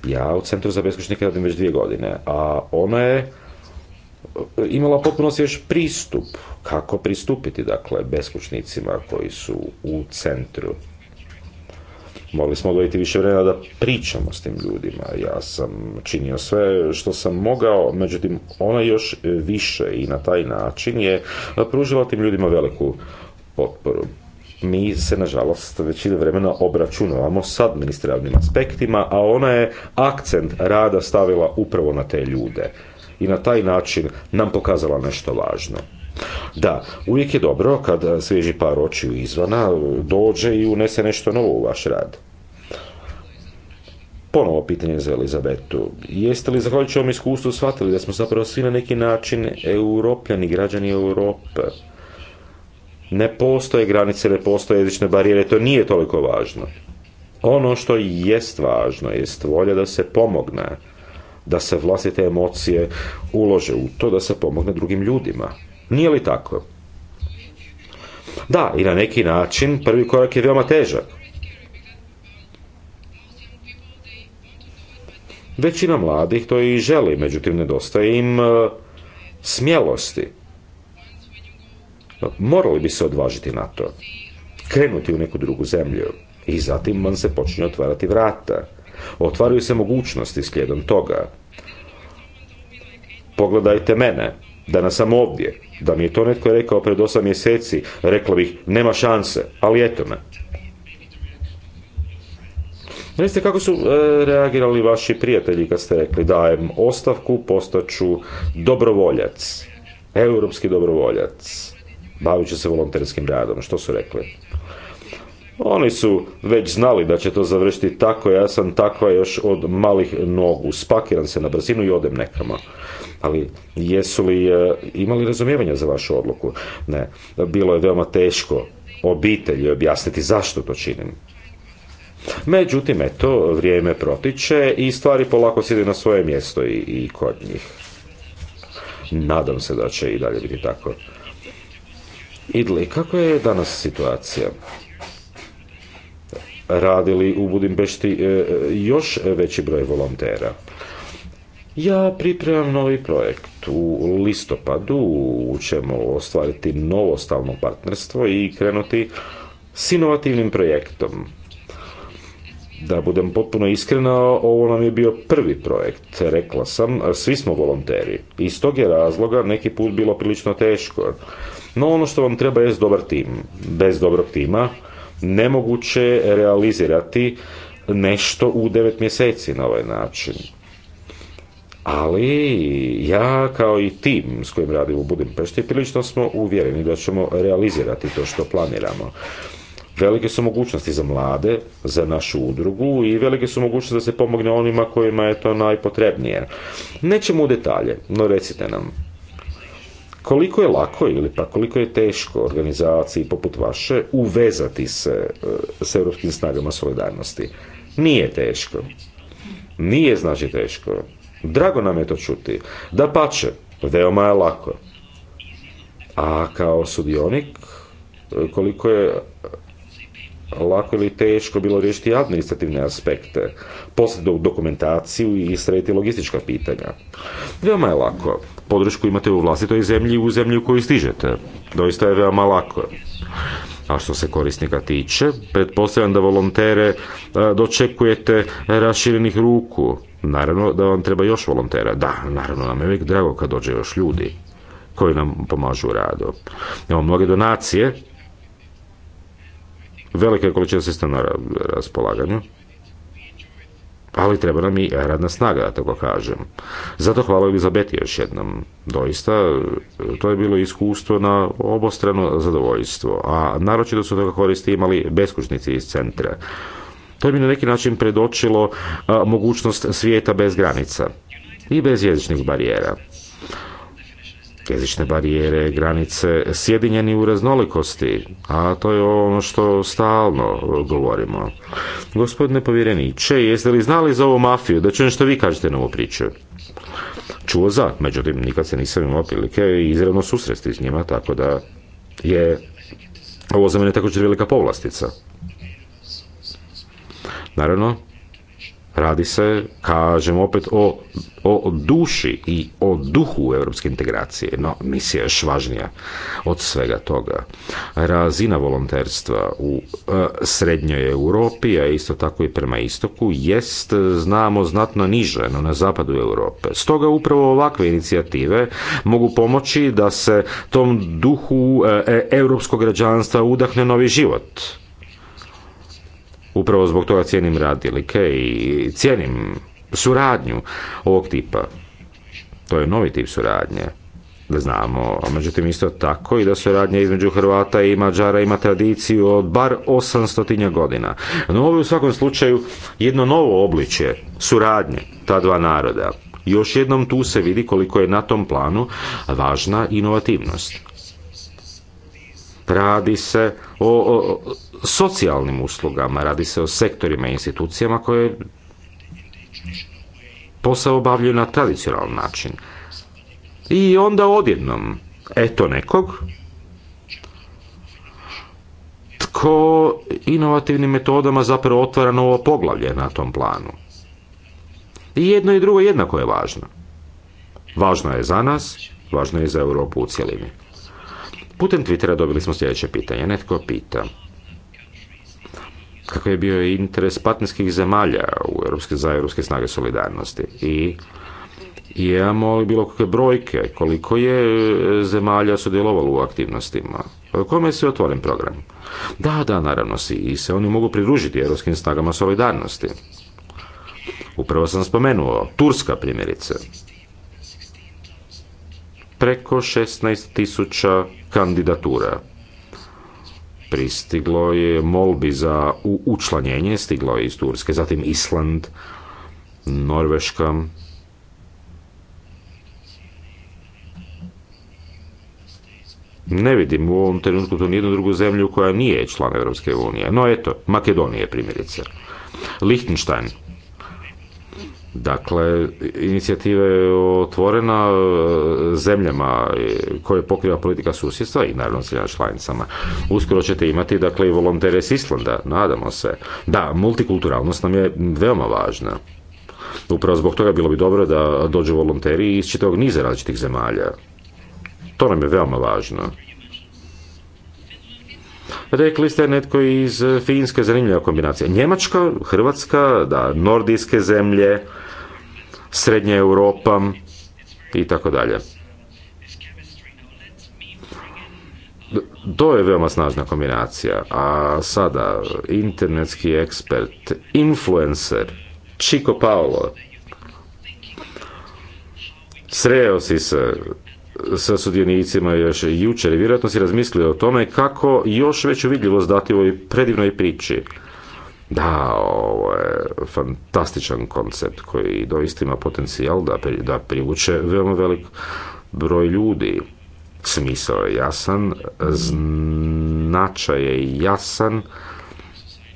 Ja u Centru za beskućnike radim već dvije godine, a ona je imala potpuno svjež pristup kako pristupiti dakle beskućnicima koji su u centru. Mogli smo odvojiti više vremena da pričamo s tim ljudima. Ja sam činio sve što sam mogao, međutim ona još više i na taj način je pružila tim ljudima veliku potporu. Mi se, nažalost, većine vremena obračunavamo s administrativnim aspektima, a ona je akcent rada stavila upravo na te ljude i na taj način nam pokazala nešto važno. Da, uvijek je dobro kad e, svježi par očiju izvana e, dođe i unese nešto novo u vaš rad. Ponovo pitanje za Elizabetu. Jeste li zahvaljujući ovom iskustvu shvatili da smo zapravo svi na neki način europljani, građani Europe? Ne postoje granice, ne postoje jezične barijere, to nije toliko važno. Ono što jest važno jest volja da se pomogne da se vlastite emocije ulože u to da se pomogne drugim ljudima. Nije li tako? Da, i na neki način prvi korak je veoma težak. Većina mladih to i želi, međutim nedostaje im e, smjelosti. Morali bi se odvažiti na to. Krenuti u neku drugu zemlju. I zatim vam se počinje otvarati vrata. Otvaraju se mogućnosti slijedom toga. Pogledajte mene, danas sam ovdje. Da mi je to netko rekao pred osam mjeseci, rekla bih, nema šanse, ali eto me. Recite kako su e, reagirali vaši prijatelji kad ste rekli dajem ostavku, postaću dobrovoljac, europski dobrovoljac, bavit ću se volonterskim radom. Što su rekli? Oni su već znali da će to završiti tako, ja sam takva još od malih nogu. Spakiram se na brzinu i odem nekama. Ali jesu li e, imali razumijevanja za vašu odluku? Ne. Bilo je veoma teško obitelji objasniti zašto to činim. Međutim, eto, vrijeme protiče i stvari polako sjede na svoje mjesto i, i kod njih. Nadam se da će i dalje biti tako. Idli, kako je danas situacija? radili u Budimpešti e, e, još veći broj volontera. Ja pripremam novi projekt. U listopadu ćemo ostvariti novo stalno partnerstvo i krenuti s inovativnim projektom. Da budem potpuno iskrena, ovo nam je bio prvi projekt, rekla sam, svi smo volonteri. Iz tog je razloga neki put bilo prilično teško. No ono što vam treba je dobar tim. Bez dobrog tima nemoguće realizirati nešto u devet mjeseci na ovaj način. Ali ja kao i tim s kojim radimo u Budimpešti prilično smo uvjereni da ćemo realizirati to što planiramo. Velike su mogućnosti za mlade, za našu udrugu i velike su mogućnosti da se pomogne onima kojima je to najpotrebnije. Nećemo u detalje, no recite nam, koliko je lako ili pa koliko je teško organizaciji poput vaše uvezati se eh, s europskim snagama solidarnosti? Nije teško. Nije znači teško. Drago nam je to čuti. Da pače, veoma je lako. A kao sudionik, eh, koliko je lako ili teško bilo riješiti administrativne aspekte, Poslije dokumentaciju i srediti logistička pitanja. Veoma je lako. Podršku imate u vlastitoj zemlji i u zemlji u koju stižete. Doista je veoma lako. A što se korisnika tiče, pretpostavljam da volontere e, dočekujete raširenih ruku. Naravno da vam treba još volontera. Da, naravno nam je uvijek drago kad dođe još ljudi koji nam pomažu u radu. Imamo mnoge donacije velike količine sistema na raspolaganju, ali treba nam i radna snaga, da tako kažem. Zato hvala Elizabeti još jednom. Doista, to je bilo iskustvo na obostrano zadovoljstvo, a naročito su toga koristi imali beskućnici iz centra. To je mi na neki način predočilo mogućnost svijeta bez granica i bez jezičnih barijera jezične barijere, granice, sjedinjeni u raznolikosti, a to je ono što stalno govorimo. Gospodine povjereniče, jeste li znali za ovu mafiju? Da čujem što vi kažete na ovu priču. Čuo za, međutim, nikad se nisam imao prilike izravno susresti s njima, tako da je ovo za mene također velika povlastica. Naravno, Radi se, kažem opet, o, duši i o duhu europske integracije, no misija je još važnija od svega toga. Razina volonterstva u e, srednjoj Europi, a isto tako i prema istoku, jest, znamo, znatno niže no na zapadu Europe. Stoga upravo ovakve inicijative mogu pomoći da se tom duhu europskog e, građanstva udahne novi život Upravo zbog toga cijenim radilike i cijenim suradnju ovog tipa. To je novi tip suradnje da znamo, a međutim isto tako i da suradnja između Hrvata i Mađara ima tradiciju od bar 800 godina. No ovo je u svakom slučaju jedno novo obličje suradnje ta dva naroda. Još jednom tu se vidi koliko je na tom planu važna inovativnost. Radi se o socijalnim uslugama, radi se o sektorima i institucijama koje posao obavljaju na tradicionalan način. I onda odjednom, eto nekog, tko inovativnim metodama zapravo otvara novo poglavlje na tom planu. I jedno i drugo jednako je važno. Važno je za nas, važno je za Europu u cjelini. Putem Twittera dobili smo sljedeće pitanje. Netko pita, kakav je bio interes partnerskih zemalja u Europske, za Europske snage solidarnosti. I imamo li bilo kakve brojke koliko je e, zemalja sudjelovalo u aktivnostima? Kome se otvoren program? Da, da, naravno i se oni mogu pridružiti Europskim snagama solidarnosti. Upravo sam spomenuo, Turska primjerice. Preko 16.000 kandidatura pristiglo je molbi za učlanjenje, stiglo je iz Turske, zatim Island, Norveška, Ne vidim u ovom trenutku tu nijednu drugu zemlju koja nije član Europske unije. No eto, Makedonije primjerice. Lichtenstein, Dakle, inicijativa je otvorena e, zemljama koje pokriva politika susjedstva i naravno zemljama članicama. Uskoro ćete imati dakle i volontere s Islanda, nadamo se. Da, multikulturalnost nam je veoma važna. Upravo zbog toga bilo bi dobro da dođu volonteri iz čitavog niza različitih zemalja. To nam je veoma važno. Rekli ste netko iz Finske, zanimljiva kombinacija. Njemačka, Hrvatska, da, nordijske zemlje, Srednja Europa i tako dalje. To je veoma snažna kombinacija. A sada, internetski ekspert, influencer, Chico Paolo, sreo si se sa sudionicima još jučer i vjerojatno si razmislio o tome kako još veću vidljivost dati ovoj predivnoj priči. Da, ovo je fantastičan koncept koji doista ima potencijal da, da privuče veoma velik broj ljudi. Smisao je jasan, značaj je jasan,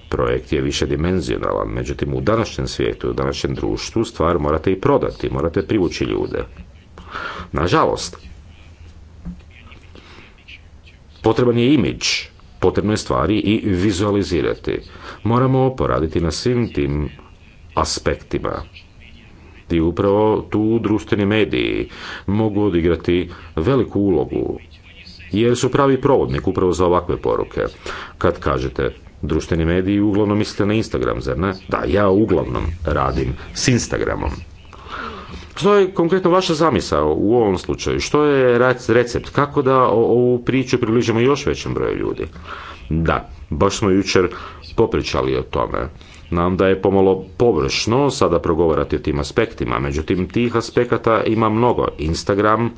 projekt je više dimenzionalan. Međutim, u današnjem svijetu, u današnjem društvu stvar morate i prodati, morate privući ljude. Nažalost, potreban je imidž potrebno je stvari i vizualizirati. Moramo poraditi na svim tim aspektima. I upravo tu društveni mediji mogu odigrati veliku ulogu jer su pravi provodnik upravo za ovakve poruke. Kad kažete društveni mediji, uglavnom mislite na Instagram, zar ne? Da, ja uglavnom radim s Instagramom. Što je konkretno vaša zamisa u ovom slučaju? Što je recept? Kako da ovu priču približimo još većem broju ljudi? Da, baš smo jučer popričali o tome. Nam da je pomalo površno sada progovarati o tim aspektima, međutim tih aspekata ima mnogo. Instagram,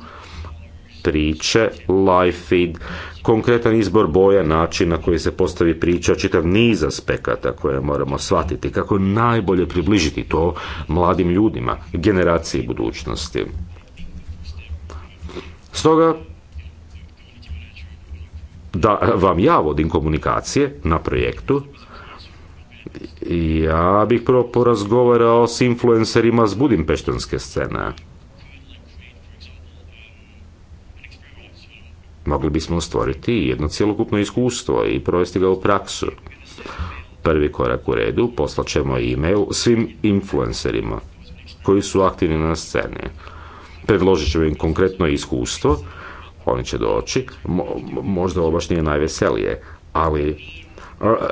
priče, live feed, konkretan izbor boja, način na koji se postavi priča, čitav niz aspekata koje moramo shvatiti, kako najbolje približiti to mladim ljudima, generaciji budućnosti. Stoga, da vam ja vodim komunikacije na projektu, ja bih prvo porazgovarao s influencerima s budimpeštanske scene mogli bismo stvoriti jedno cjelokupno iskustvo i provesti ga u praksu. Prvi korak u redu poslat ćemo e-mail svim influencerima koji su aktivni na sceni. Predložit ćemo im konkretno iskustvo, oni će doći, možda ovo baš nije najveselije, ali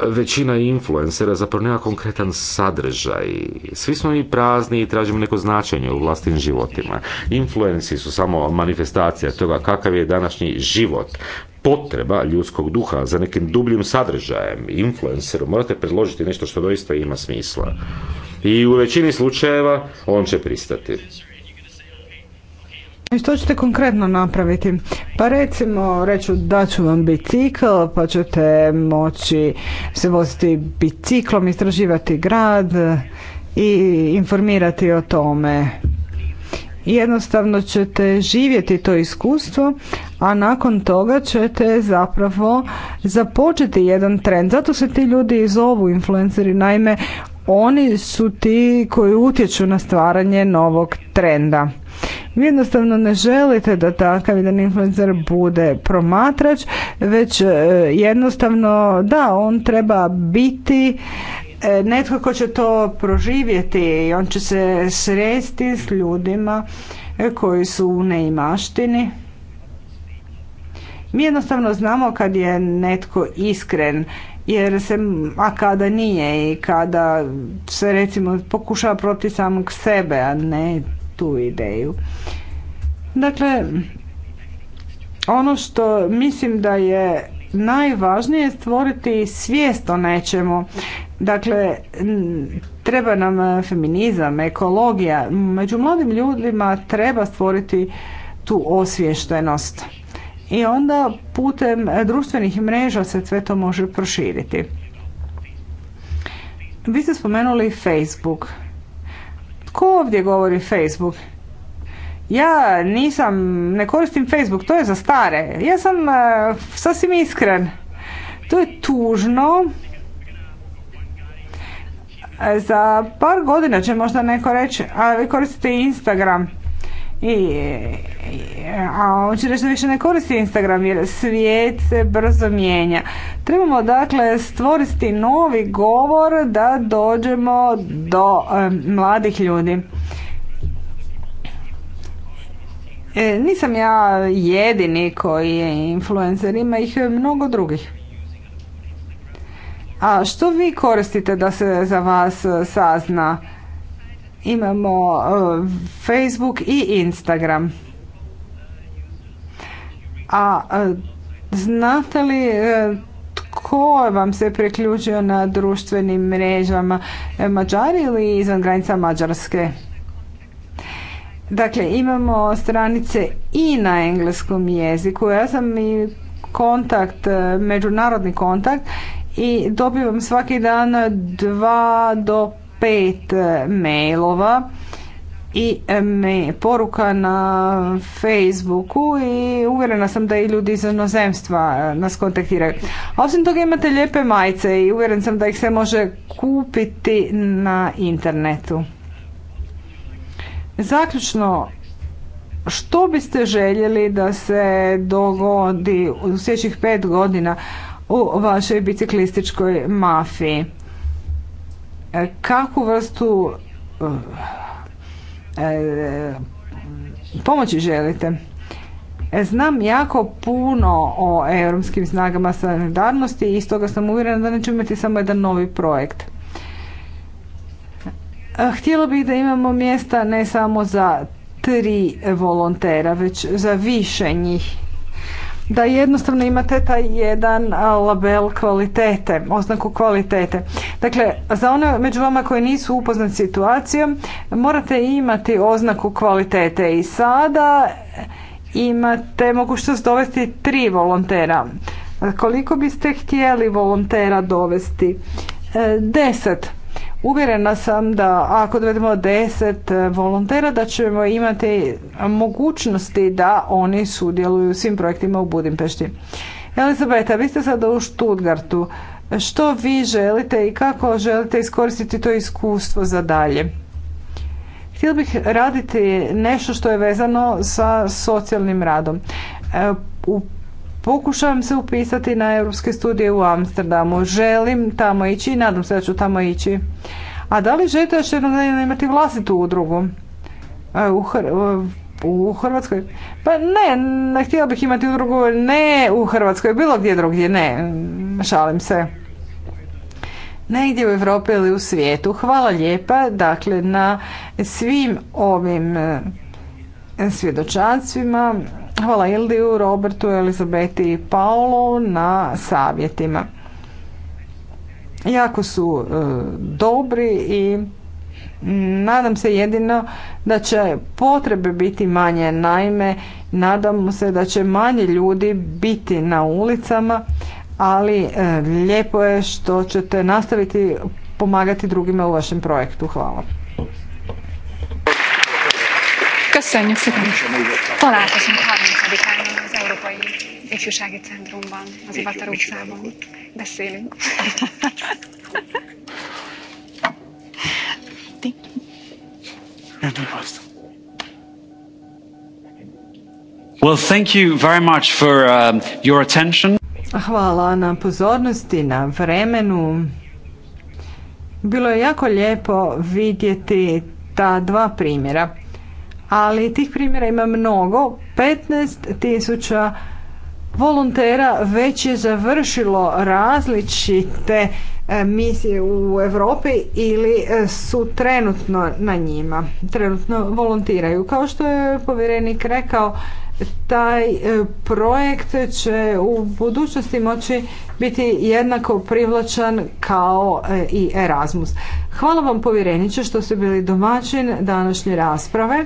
većina influencera zapravo nema konkretan sadržaj. Svi smo mi prazni i tražimo neko značenje u vlastnim životima. Influenci su samo manifestacija toga kakav je današnji život potreba ljudskog duha za nekim dubljim sadržajem, influenceru, morate predložiti nešto što doista ima smisla. I u većini slučajeva on će pristati. I znači, što ćete konkretno napraviti? Pa recimo, reću da ću vam bicikl, pa ćete moći se voziti biciklom, istraživati grad i informirati o tome. Jednostavno ćete živjeti to iskustvo, a nakon toga ćete zapravo započeti jedan trend. Zato se ti ljudi i zovu influenceri, naime, oni su ti koji utječu na stvaranje novog trenda. Vi jednostavno ne želite da takav jedan influencer bude promatrač, već e, jednostavno da, on treba biti e, netko ko će to proživjeti i on će se sresti s ljudima e, koji su u neimaštini. Mi jednostavno znamo kad je netko iskren jer se, a kada nije i kada se recimo pokušava protiv samog sebe, a ne tu ideju. Dakle, ono što mislim da je najvažnije je stvoriti svijest o nečemu. Dakle, treba nam e, feminizam, ekologija. Među mladim ljudima treba stvoriti tu osviještenost. I onda putem društvenih mreža se sve to može proširiti. Vi ste spomenuli Facebook. Tko ovdje govori Facebook? Ja nisam, ne koristim Facebook, to je za stare. Ja sam e, sasvim iskren. To je tužno. E, za par godina će možda neko reći, a vi koristite Instagram. I, on a će reći da više ne koristi Instagram jer svijet se brzo mijenja. Trebamo dakle stvoriti novi govor da dođemo do mladih ljudi. E, nisam ja jedini koji je influencer, ima ih mnogo drugih. A što vi koristite da se za vas sazna? Imamo e, Facebook i Instagram. A e, znate li e, tko vam se priključio na društvenim mrežama? Mađari ili izvan granica Mađarske? Dakle, imamo stranice i na engleskom jeziku. Ja sam i kontakt, međunarodni kontakt i dobivam svaki dan dva do pet e, mailova i e, poruka na Facebooku i uvjerena sam da i ljudi iz inozemstva e, nas kontaktiraju. osim toga imate lijepe majice i uvjeren sam da ih se može kupiti na internetu. Zaključno, što biste željeli da se dogodi u sljedećih pet godina u vašoj biciklističkoj mafiji? E, kakvu vrstu e, e, pomoći želite. Znam jako puno o europskim snagama solidarnosti i toga sam uvjerena da neću imati samo jedan novi projekt. Htjela bih da imamo mjesta ne samo za tri volontera, već za više njih da jednostavno imate taj jedan label kvalitete, oznaku kvalitete. Dakle, za one među vama koji nisu upoznati situacijom, morate imati oznaku kvalitete i sada imate mogućnost dovesti tri volontera. Koliko biste htjeli volontera dovesti? E, deset. Uvjerena sam da ako dovedemo 10 e, volontera da ćemo imati mogućnosti da oni sudjeluju u svim projektima u Budimpešti. Elizabeta, vi ste sada u Stuttgartu. Što vi želite i kako želite iskoristiti to iskustvo za dalje? Htjela bih raditi nešto što je vezano sa socijalnim radom. E, u Pokušavam se upisati na europske studije u Amsterdamu. Želim tamo ići i nadam se da ću tamo ići. A da li želite još jednom imati vlastitu udrugu? E, u, e, u Hrvatskoj? Pa ne, ne htjela bih imati udrugu ne u Hrvatskoj, bilo gdje drugdje, ne. Šalim se. Negdje u Europi ili u svijetu. Hvala lijepa, dakle, na svim ovim e, svjedočanstvima Hvala Ildiju, Robertu, Elizabeti i Paulu na savjetima. Jako su e, dobri i nadam se jedino da će potrebe biti manje. Naime, nadam se da će manje ljudi biti na ulicama, ali e, lijepo je što ćete nastaviti pomagati drugima u vašem projektu. Hvala. Köszönjük szépen. Találkozunk 30-án az Európai Ifjúsági Centrumban, az Ivatar utcában. Beszélünk. Ti? Nem Well, thank you very much for uh, your attention. Hvala na pozornosti, na vremenu. Bilo je jako lijepo vidjeti ta dva primjera ali tih primjera ima mnogo. 15 tisuća volontera već je završilo različite e, misije u Europi ili e, su trenutno na njima, trenutno volontiraju. Kao što je povjerenik rekao, taj e, projekt će u budućnosti moći biti jednako privlačan kao i Erasmus. Hvala vam povjereniče što ste bili domaćin današnje rasprave.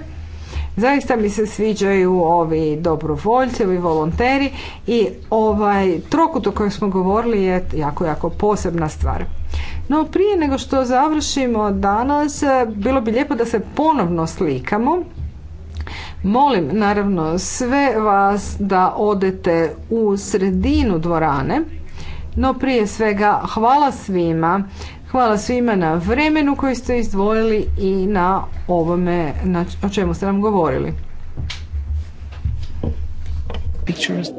Zaista mi se sviđaju ovi dobrovoljci, ovi volonteri i ovaj trokut o kojem smo govorili je jako, jako posebna stvar. No prije nego što završimo danas, bilo bi lijepo da se ponovno slikamo. Molim naravno sve vas da odete u sredinu dvorane, no prije svega hvala svima Hvala svima na vremenu koji ste izdvojili i na ovome na, o čemu ste nam govorili.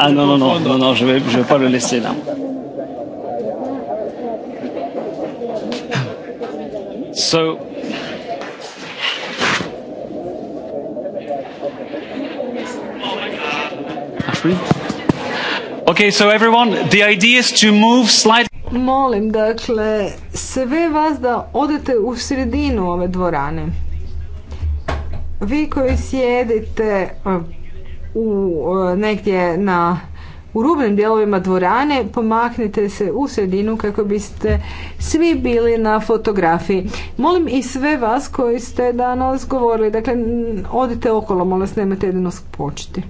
Ah non, non, non, non, non, je vais, je vais pas le laisser là. So Okay, so everyone, the idea is to move slightly. Molim, dakle, sve vas da odete u sredinu ove dvorane. Vi koji sjedite uh, u uh, negdje na u rubnim dijelovima dvorane, pomaknite se u sredinu kako biste svi bili na fotografiji. Molim i sve vas koji ste danas govorili, dakle odite okolo, molim vas nemojte jedino početi.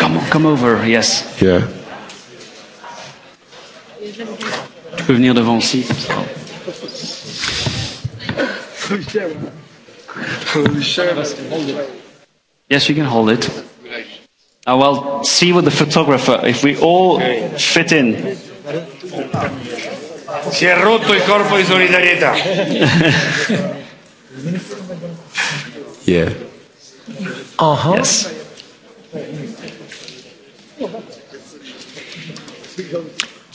Come come over, yes. Yeah. Je peux venir devant aussi. Yes, you can hold it. I will see with the photographer if we all fit in. Si è rotto il corpo di solidarietà. yeah. Uh-huh. Yes.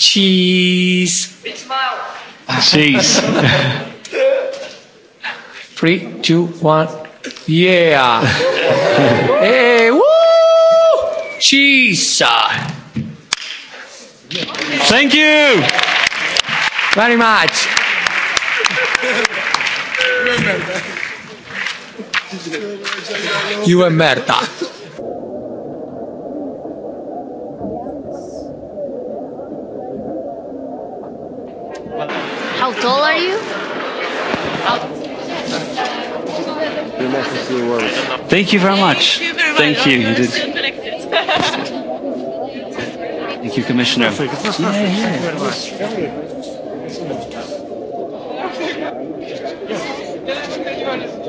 Cheese. It's Cheese. Three, two, one. Yeah. hey, woo! Cheese. Thank you very much. You are merda. How tall are you? Thank you very much. Thank you. thank You did. Thank you, Commissioner. Yeah, yeah.